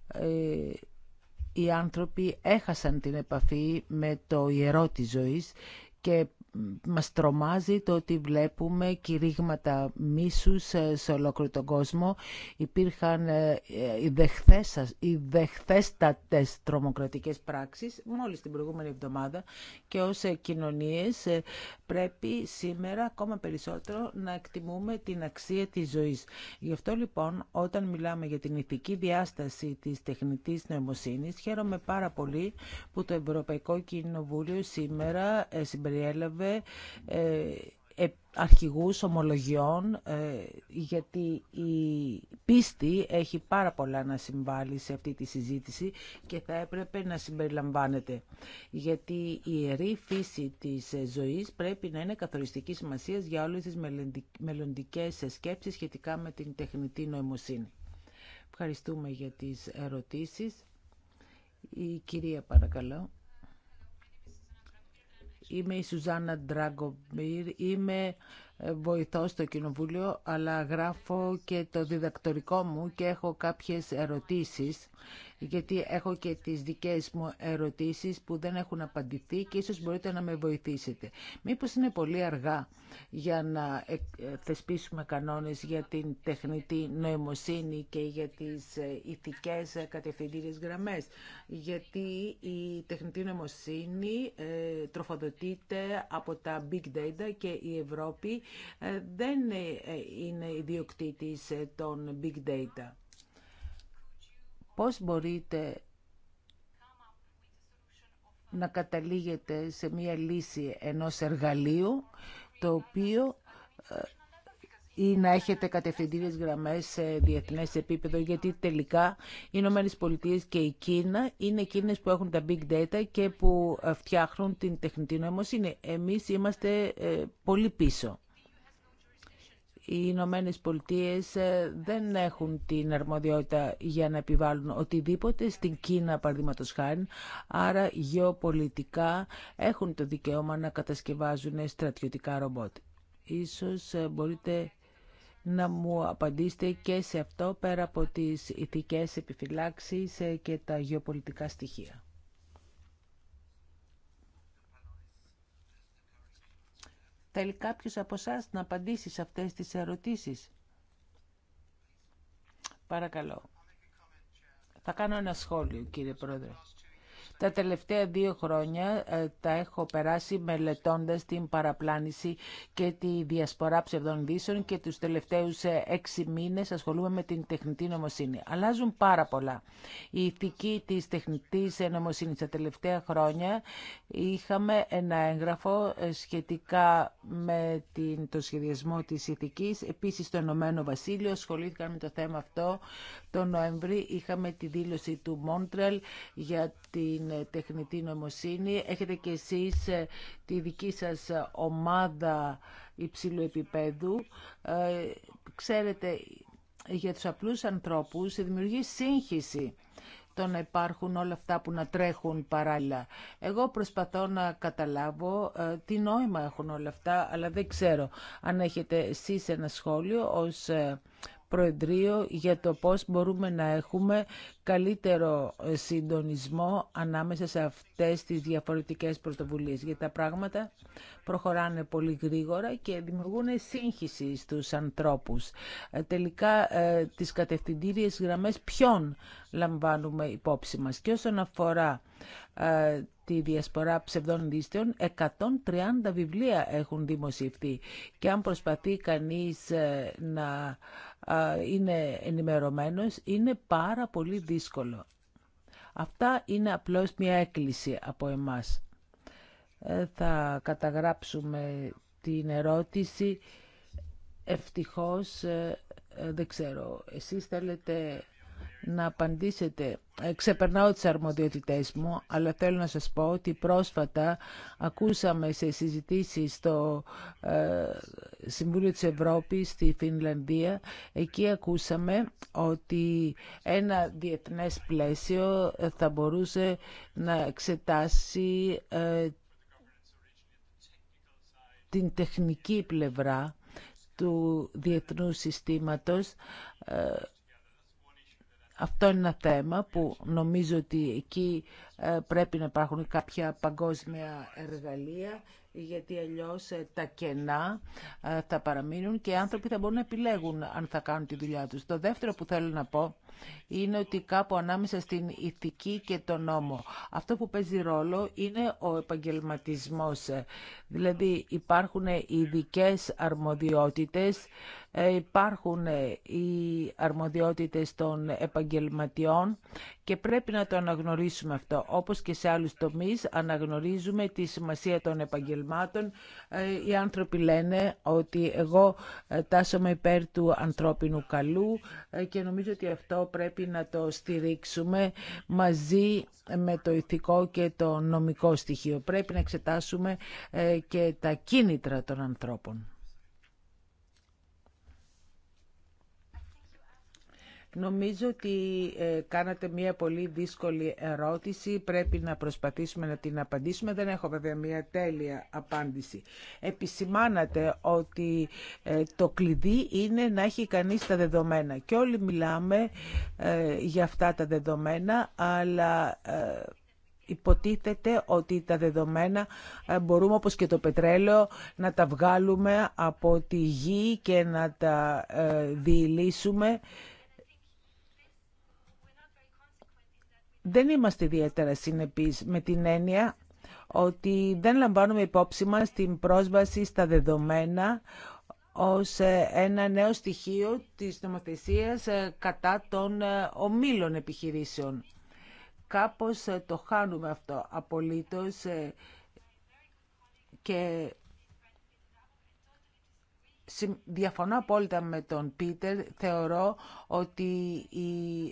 Ε, οι άνθρωποι έχασαν την επαφή με το ιερό της ζωής και μας τρομάζει το ότι βλέπουμε κηρύγματα μίσους ε, σε ολόκληρο τον κόσμο. Υπήρχαν οι ε, ε, δεχθέστατες τρομοκρατικές πράξεις μόλις την προηγούμενη εβδομάδα και ως κοινωνίες πρέπει σήμερα ακόμα περισσότερο να εκτιμούμε την αξία της ζωής. Γι' αυτό λοιπόν όταν μιλάμε για την ηθική διάσταση της τεχνητής νοημοσύνης χαίρομαι πάρα πολύ που το Ευρωπαϊκό Κοινοβούλιο σήμερα συμπεριέλαβε έλαβε ε, ε, αρχηγούς ομολογιών ε, γιατί η πίστη έχει πάρα πολλά να συμβάλλει σε αυτή τη συζήτηση και θα έπρεπε να συμπεριλαμβάνεται γιατί η ιερή φύση της ζωής πρέπει να είναι καθοριστική σημασία για όλες τις μελλοντικέ σκέψεις σχετικά με την τεχνητή νοημοσύνη. Ευχαριστούμε για τις ερωτήσεις. Η κυρία παρακαλώ. Είμαι η Σουζάννα Ντράγκομπιρ, είμαι ε, βοηθός στο Κοινοβούλιο, αλλά γράφω και το διδακτορικό μου και έχω κάποιες ερωτήσεις γιατί έχω και τις δικές μου ερωτήσεις που δεν έχουν απαντηθεί και ίσως μπορείτε να με βοηθήσετε. Μήπως είναι πολύ αργά για να ε, θεσπίσουμε κανόνες για την τεχνητή νοημοσύνη και για τις ε, ηθικές κατευθυντήριες γραμμές, γιατί η τεχνητή νοημοσύνη ε, τροφοδοτείται από τα big data και η Ευρώπη δεν είναι ιδιοκτήτης των big data. Πώς μπορείτε να καταλήγετε σε μία λύση ενός εργαλείου το οποίο ε, ή να έχετε κατευθυντήριε γραμμέ σε διεθνέ επίπεδο, γιατί τελικά οι Ηνωμένε Πολιτείε και η Κίνα είναι εκείνε που έχουν τα big data και που ε, φτιάχνουν την τεχνητή νοημοσύνη. Εμεί είμαστε ε, πολύ πίσω οι Ηνωμένε Πολιτείε ε, δεν έχουν την αρμοδιότητα για να επιβάλλουν οτιδήποτε στην Κίνα, παραδείγματο χάρη. Άρα, γεωπολιτικά έχουν το δικαίωμα να κατασκευάζουν στρατιωτικά ρομπότ. Ίσως ε, μπορείτε να μου απαντήσετε και σε αυτό πέρα από τις ηθικές επιφυλάξεις ε, και τα γεωπολιτικά στοιχεία. Θέλει κάποιος από εσά να απαντήσει σε αυτές τις ερωτήσεις. Παρακαλώ. Θα κάνω ένα σχόλιο, κύριε Πρόεδρε. Τα τελευταία δύο χρόνια ε, τα έχω περάσει μελετώντας την παραπλάνηση και τη διασπορά ψευδών δύσεων και τους τελευταίους ε, έξι μήνες ασχολούμαι με την τεχνητή νομοσύνη. Αλλάζουν πάρα πολλά. Η ηθική της τεχνητής ε, νομοσύνης τα τελευταία χρόνια είχαμε ένα έγγραφο σχετικά με την, το σχεδιασμό της ηθικής. Επίσης το Ενωμένο Βασίλειο ασχολήθηκαν με το θέμα αυτό. Το Νοέμβρη είχαμε τη δήλωση του Μόντρελ για την ε, τεχνητή νοημοσύνη. Έχετε και εσείς ε, τη δική σας ε, ομάδα υψηλού επίπεδου. Ξέρετε, για τους απλούς ανθρώπους δημιουργεί σύγχυση το να υπάρχουν όλα αυτά που να τρέχουν παράλληλα. Εγώ προσπαθώ να καταλάβω τι νόημα έχουν όλα αυτά, αλλά δεν ξέρω αν έχετε εσείς ένα σχόλιο ως Προεδρείο για το πώς μπορούμε να έχουμε καλύτερο ε, συντονισμό ανάμεσα σε αυτές τις διαφορετικές πρωτοβουλίες. Γιατί τα πράγματα προχωράνε πολύ γρήγορα και δημιουργούν σύγχυση στους ανθρώπους. Ε, τελικά, ε, τις κατευθυντήριες γραμμές ποιον λαμβάνουμε υπόψη μας. Και όσον αφορά ε, τη διασπορά ψευδών λίστεων, 130 βιβλία έχουν δημοσιευθεί. Και αν προσπαθεί κανείς ε, να ε, είναι ενημερωμένος, είναι πάρα πολύ δύσκολο. Αυτά είναι απλώς μια έκκληση από εμάς. Θα καταγράψουμε την ερώτηση. Ευτυχώς, δεν ξέρω, εσείς θέλετε να απαντήσετε. Ε, ξεπερνάω τις αρμοδιότητές μου, αλλά θέλω να σας πω ότι πρόσφατα ακούσαμε σε συζητήσεις στο ε, Συμβούλιο της Ευρώπης στη Φινλανδία. Εκεί ακούσαμε ότι ένα διεθνές πλαίσιο θα μπορούσε να εξετάσει ε, την τεχνική πλευρά του διεθνού συστήματος αυτό είναι ένα θέμα που νομίζω ότι εκεί ε, πρέπει να υπάρχουν κάποια παγκόσμια εργαλεία γιατί αλλιώς ε, τα κενά ε, θα παραμείνουν και οι άνθρωποι θα μπορούν να επιλέγουν αν θα κάνουν τη δουλειά τους. Το δεύτερο που θέλω να πω είναι ότι κάπου ανάμεσα στην ηθική και τον νόμο. Αυτό που παίζει ρόλο είναι ο επαγγελματισμός. Δηλαδή υπάρχουν ειδικέ αρμοδιότητες, ε, υπάρχουν ε, οι αρμοδιότητες των επαγγελματιών και πρέπει να το αναγνωρίσουμε αυτό. Όπως και σε άλλους τομείς αναγνωρίζουμε τη σημασία των επαγγελμάτων. Ε, οι άνθρωποι λένε ότι εγώ τάσομαι υπέρ του ανθρώπινου καλού και νομίζω ότι αυτό πρέπει να το στηρίξουμε μαζί με το ηθικό και το νομικό στοιχείο. Πρέπει να εξετάσουμε ε, και τα κίνητρα των ανθρώπων. Νομίζω ότι ε, κάνατε μια πολύ δύσκολη ερώτηση. Πρέπει να προσπαθήσουμε να την απαντήσουμε. Δεν έχω βέβαια μια τέλεια απάντηση. Επισημάνατε ότι ε, το κλειδί είναι να έχει κανείς τα δεδομένα. Και όλοι μιλάμε ε, για αυτά τα δεδομένα, αλλά υποτίθεται ότι τα δεδομένα μπορούμε όπως και το πετρέλαιο να τα βγάλουμε από τη γη και να τα διηλύσουμε δεν είμαστε ιδιαίτερα συνεπείς με την έννοια ότι δεν λαμβάνουμε υπόψη μας την πρόσβαση στα δεδομένα ως ε, ένα νέο στοιχείο της νομοθεσίας ε, κατά των ε, ομίλων επιχειρήσεων. Κάπως το χάνουμε αυτό απολύτως και Διαφωνώ απόλυτα με τον Πίτερ. Θεωρώ ότι η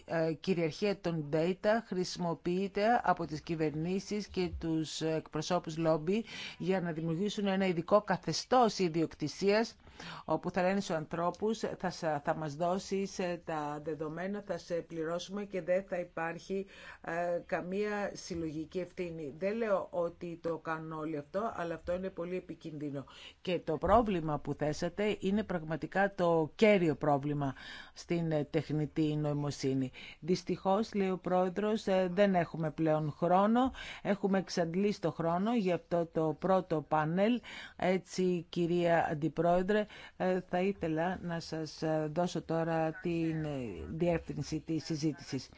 ε, κυριαρχία των data χρησιμοποιείται από τις κυβερνήσεις και τους εκπροσώπους λόμπι για να δημιουργήσουν ένα ειδικό καθεστώς ιδιοκτησίας όπου θα λένε στους ανθρώπους θα, θα μας δώσεις ε, τα δεδομένα, θα σε πληρώσουμε και δεν θα υπάρχει ε, καμία συλλογική ευθύνη. Δεν λέω ότι το κάνουν όλοι αυτό, αλλά αυτό είναι πολύ επικίνδυνο. Και το πρόβλημα που θέσατε είναι πραγματικά το κέριο πρόβλημα στην ε, τεχνητή νοημοσύνη. Δυστυχώς, λέει ο Πρόεδρος, ε, δεν έχουμε πλέον χρόνο. Έχουμε εξαντλήσει το χρόνο για αυτό το πρώτο πάνελ. Έτσι, κυρία Αντιπρόεδρε, ε, θα ήθελα να σας δώσω τώρα την διεύθυνση της συζήτησης.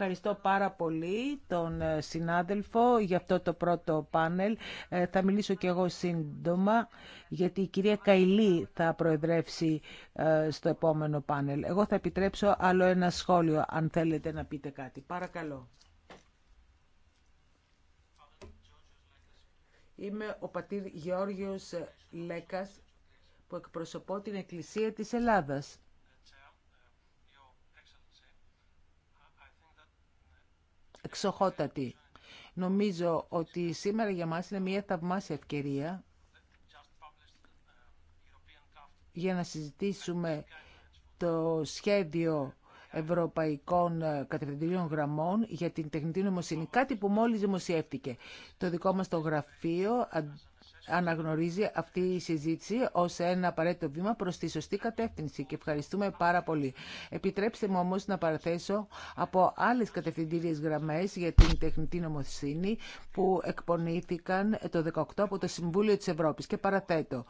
Ευχαριστώ πάρα πολύ τον ε, συνάδελφο για αυτό το πρώτο πάνελ. Ε, θα μιλήσω και εγώ σύντομα, γιατί η κυρία Καϊλή θα προεδρεύσει ε, στο επόμενο πάνελ. Εγώ θα επιτρέψω άλλο ένα σχόλιο, αν θέλετε να πείτε κάτι. Παρακαλώ. Είμαι ο πατήρ Γεώργιος Λέκας, που εκπροσωπώ την Εκκλησία της Ελλάδας. εξοχότατη. Νομίζω ότι σήμερα για μας είναι μια θαυμάσια ευκαιρία για να συζητήσουμε το σχέδιο ευρωπαϊκών κατευθυντήριων γραμμών για την τεχνητή νομοσύνη. Κάτι που μόλις δημοσιεύτηκε. Το δικό μας το γραφείο αναγνωρίζει αυτή η συζήτηση ω ένα απαραίτητο βήμα προ τη σωστή κατεύθυνση και ευχαριστούμε πάρα πολύ. Επιτρέψτε μου όμω να παραθέσω από άλλε κατευθυντήριε γραμμέ για την τεχνητή νομοσύνη που εκπονήθηκαν το 18 από το Συμβούλιο τη Ευρώπη και παραθέτω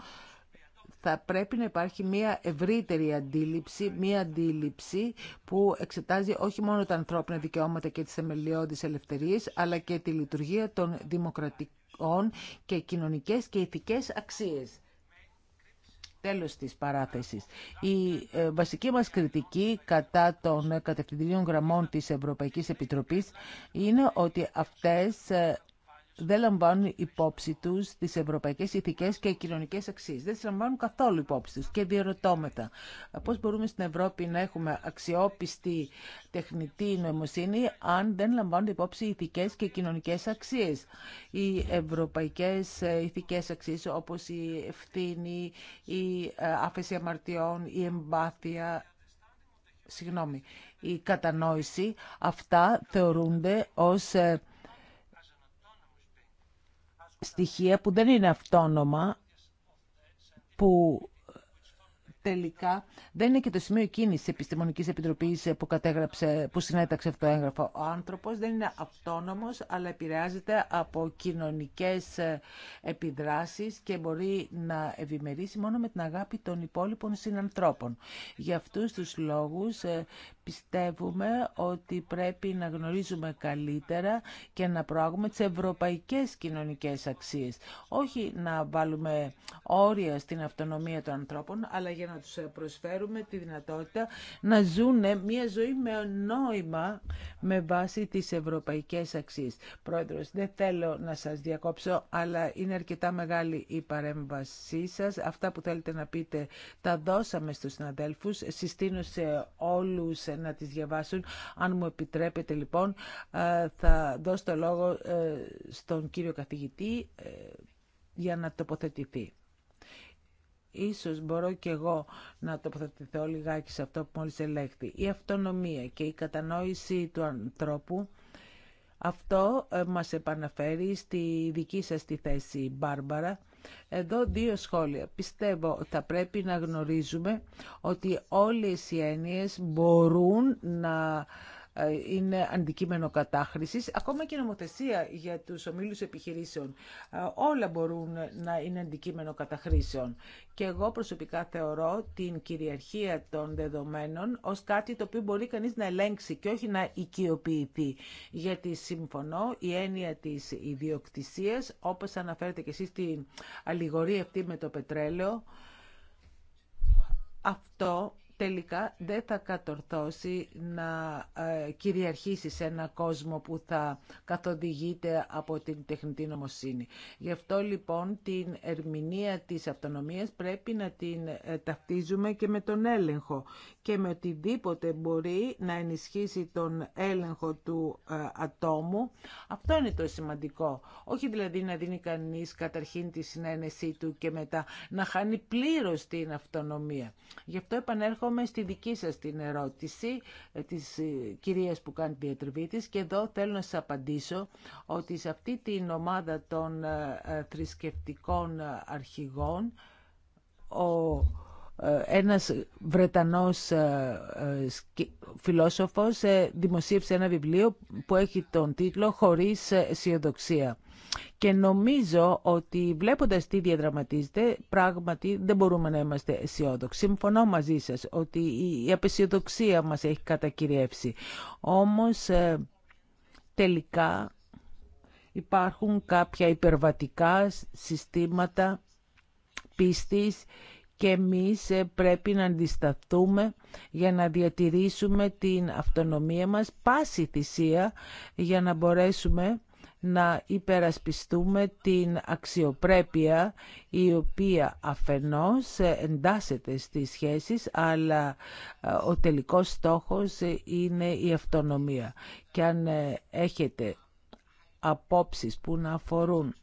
θα πρέπει να υπάρχει μια ευρύτερη αντίληψη, μια αντίληψη που εξετάζει όχι μόνο τα ανθρώπινα δικαιώματα και τις θεμελιώδεις ελευθερίες, αλλά και τη λειτουργία των δημοκρατικών και κοινωνικές και ηθικές αξίες. Τέλος της παράθεσης. Η ε, βασική μας κριτική κατά των κατευθυντηρίων γραμμών της Ευρωπαϊκής Επιτροπής είναι ότι αυτές ε, δεν λαμβάνουν υπόψη του τι ευρωπαϊκέ ηθικέ και κοινωνικέ αξίε. Δεν τι λαμβάνουν καθόλου υπόψη του. Και μετά. πώ μπορούμε στην Ευρώπη να έχουμε αξιόπιστη τεχνητή νοημοσύνη, αν δεν λαμβάνουν υπόψη οι ηθικέ και κοινωνικέ αξίε. Οι ευρωπαϊκέ ε, ηθικέ αξίε, όπω η ευθύνη, η ε, άφεση αμαρτιών, η εμπάθεια, συγγνώμη, η κατανόηση, αυτά θεωρούνται ως ε, στοιχεία που δεν είναι αυτόνομα, που τελικά δεν είναι και το σημείο κίνηση τη Επιστημονική Επιτροπή που, κατέγραψε, που συνέταξε αυτό το έγγραφο. Ο άνθρωπος δεν είναι αυτόνομος, αλλά επηρεάζεται από κοινωνικές επιδράσεις και μπορεί να ευημερίσει μόνο με την αγάπη των υπόλοιπων συνανθρώπων. Για αυτούς του λόγους πιστεύουμε ότι πρέπει να γνωρίζουμε καλύτερα και να προάγουμε τις ευρωπαϊκές κοινωνικές αξίες. Όχι να βάλουμε όρια στην αυτονομία των ανθρώπων, αλλά για να τους προσφέρουμε τη δυνατότητα να ζουν μια ζωή με νόημα με βάση τις ευρωπαϊκές αξίες. Πρόεδρος, δεν θέλω να σας διακόψω, αλλά είναι αρκετά μεγάλη η παρέμβασή σας. Αυτά που θέλετε να πείτε τα δώσαμε στους συναδέλφους. Συστήνω σε όλους να τις διαβάσουν. Αν μου επιτρέπετε λοιπόν ε, θα δώσω το λόγο ε, στον κύριο καθηγητή ε, για να τοποθετηθεί. Ίσως μπορώ και εγώ να τοποθετηθώ λιγάκι σε αυτό που μόλις ελέγχθη. Η αυτονομία και η κατανόηση του ανθρώπου αυτό μας επαναφέρει στη δική σας τη θέση, Μπάρμπαρα, εδώ δύο σχόλια. Πιστεύω ότι θα πρέπει να γνωρίζουμε ότι όλες οι έννοιες μπορούν να είναι αντικείμενο κατάχρησης, ακόμα και η νομοθεσία για τους ομίλους επιχειρήσεων. Ε, όλα μπορούν να είναι αντικείμενο καταχρήσεων. Και εγώ προσωπικά θεωρώ την κυριαρχία των δεδομένων ως κάτι το οποίο μπορεί κανείς να ελέγξει και όχι να οικειοποιηθεί. Γιατί συμφωνώ η έννοια της ιδιοκτησίας, όπως αναφέρετε και εσείς την αλληγορία αυτή με το πετρέλαιο, αυτό τελικά δεν θα κατορθώσει να ε, κυριαρχήσει σε ένα κόσμο που θα καθοδηγείται από την τεχνητή νομοσύνη. Γι' αυτό λοιπόν την ερμηνεία της αυτονομίας πρέπει να την ε, ταυτίζουμε και με τον έλεγχο και με οτιδήποτε μπορεί να ενισχύσει τον έλεγχο του ε, ατόμου. Αυτό είναι το σημαντικό. Όχι δηλαδή να δίνει κανείς καταρχήν τη συνένεσή του και μετά να χάνει πλήρως την αυτονομία. Γι' αυτό επανέρχομαι στη δική σας την ερώτηση ε, της ε, κυρίας που κάνει διατριβή και εδώ θέλω να σας απαντήσω ότι σε αυτή την ομάδα των ε, θρησκευτικών αρχηγών ο ένας Βρετανός φιλόσοφος δημοσίευσε ένα βιβλίο που έχει τον τίτλο «Χωρίς αισιοδοξία». Και νομίζω ότι βλέποντας τι διαδραματίζεται, πράγματι δεν μπορούμε να είμαστε αισιόδοξοι. Συμφωνώ μαζί σας ότι η απεσιοδοξία μας έχει κατακυριεύσει. Όμως ε, τελικά υπάρχουν κάποια υπερβατικά συστήματα πίστης και εμείς ε, πρέπει να αντισταθούμε για να διατηρήσουμε την αυτονομία μας πάση θυσία για να μπορέσουμε να υπερασπιστούμε την αξιοπρέπεια η οποία αφενός εντάσσεται στις σχέσεις αλλά ε, ο τελικός στόχος είναι η αυτονομία. Και αν ε, έχετε απόψεις που να αφορούν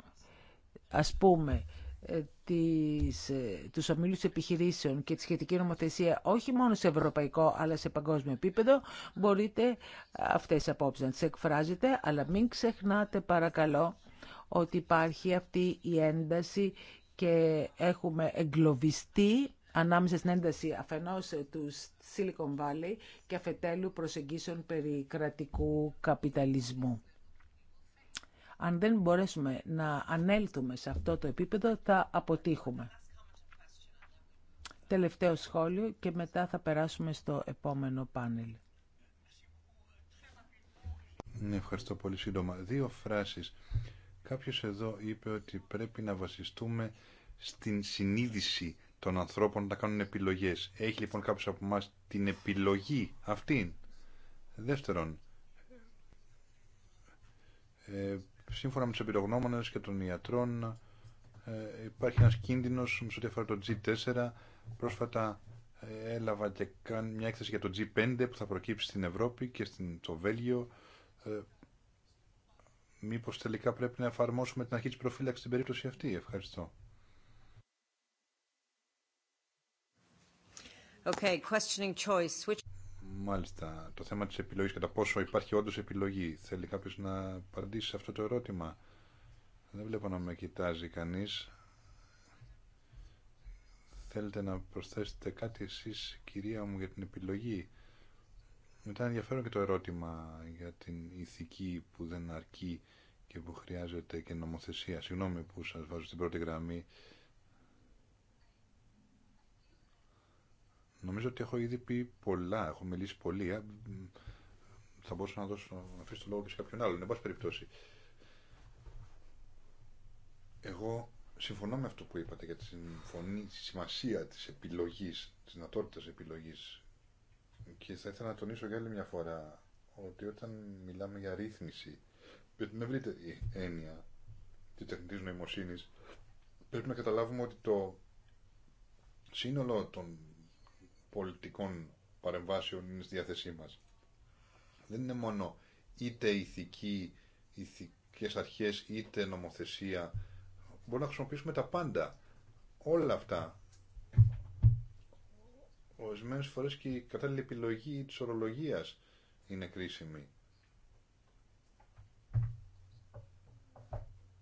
ας πούμε ε, τις, ε, τους ομίλους επιχειρήσεων και τη σχετική νομοθεσία όχι μόνο σε ευρωπαϊκό αλλά σε παγκόσμιο επίπεδο μπορείτε αυτές απόψεις να τις εκφράζετε αλλά μην ξεχνάτε παρακαλώ ότι υπάρχει αυτή η ένταση και έχουμε εγκλωβιστεί ανάμεσα στην ένταση αφενός του Silicon Valley και αφετέλου προσεγγίσεων περί κρατικού καπιταλισμού. Αν δεν μπορέσουμε να ανέλθουμε σε αυτό το επίπεδο, θα αποτύχουμε. Τελευταίο σχόλιο και μετά θα περάσουμε στο επόμενο πάνελ. Ναι, ευχαριστώ πολύ σύντομα. Δύο φράσεις. Κάποιος εδώ είπε ότι πρέπει να βασιστούμε στην συνείδηση των ανθρώπων να κάνουν επιλογές. Έχει λοιπόν κάποιος από εμά την επιλογή αυτήν. Δεύτερον, ε, σύμφωνα με τους εμπειρογνώμονες και των ιατρών ε, υπάρχει ένας κίνδυνος με ό,τι αφορά το G4. Πρόσφατα ε, έλαβα και μια έκθεση για το G5 που θα προκύψει στην Ευρώπη και στην, Βέλγιο. Ε, μήπως τελικά πρέπει να εφαρμόσουμε την αρχή της προφύλαξης στην περίπτωση αυτή. Ευχαριστώ. Okay, questioning choice. Which... Μάλιστα. Το θέμα της επιλογής, κατά πόσο υπάρχει όντω επιλογή. Θέλει κάποιος να απαντήσει σε αυτό το ερώτημα. Δεν βλέπω να με κοιτάζει κανεί. Θέλετε να προσθέσετε κάτι εσείς, κυρία μου, για την επιλογή. Μετά ενδιαφέρον και το ερώτημα για την ηθική που δεν αρκεί και που χρειάζεται και νομοθεσία. Συγγνώμη που σας βάζω στην πρώτη γραμμή. Νομίζω ότι έχω ήδη πει πολλά, έχω μιλήσει πολύ. Ε. Θα μπορούσα να, δώσω, να αφήσω το λόγο και σε κάποιον άλλον, εν περιπτώσει. Εγώ συμφωνώ με αυτό που είπατε για τη, συμφωνή, τη σημασία της επιλογής, της δυνατότητα επιλογής και θα ήθελα να τονίσω για άλλη μια φορά ότι όταν μιλάμε για ρύθμιση με την ευρύτερη έννοια τη τεχνητή νοημοσύνη, πρέπει να καταλάβουμε ότι το σύνολο των πολιτικών παρεμβάσεων είναι στη διάθεσή μας. Δεν είναι μόνο είτε ηθική, ηθικές αρχές, είτε νομοθεσία. Μπορούμε να χρησιμοποιήσουμε τα πάντα. Όλα αυτά. Ορισμένε φορές και η κατάλληλη επιλογή της ορολογίας είναι κρίσιμη.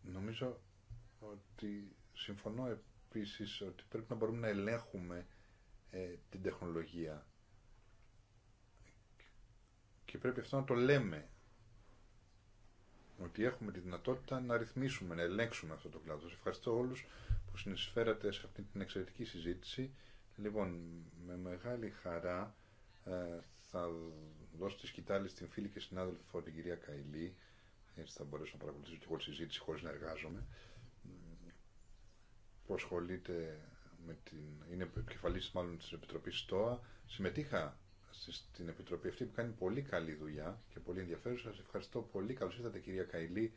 Νομίζω ότι συμφωνώ επίσης ότι πρέπει να μπορούμε να ελέγχουμε ε, την τεχνολογία. Και πρέπει αυτό να το λέμε. Ότι έχουμε τη δυνατότητα να ρυθμίσουμε, να ελέγξουμε αυτό το κλάδο. Σας ευχαριστώ όλους που συνεισφέρατε σε αυτή την εξαιρετική συζήτηση. Λοιπόν, με μεγάλη χαρά ε, θα δώσω τη σκητάλη στην φίλη και συνάδελφο την κυρία Καηλή. Έτσι θα μπορέσω να παρακολουθήσω εγώ τη συζήτηση χωρίς να εργάζομαι. Προσχολείται με την, είναι επικεφαλής μάλλον της Επιτροπής ΣΤΟΑ. Συμμετείχα στην Επιτροπή αυτή που κάνει πολύ καλή δουλειά και πολύ ενδιαφέρουσα. Σας ευχαριστώ πολύ. Καλώς ήρθατε κυρία Καηλή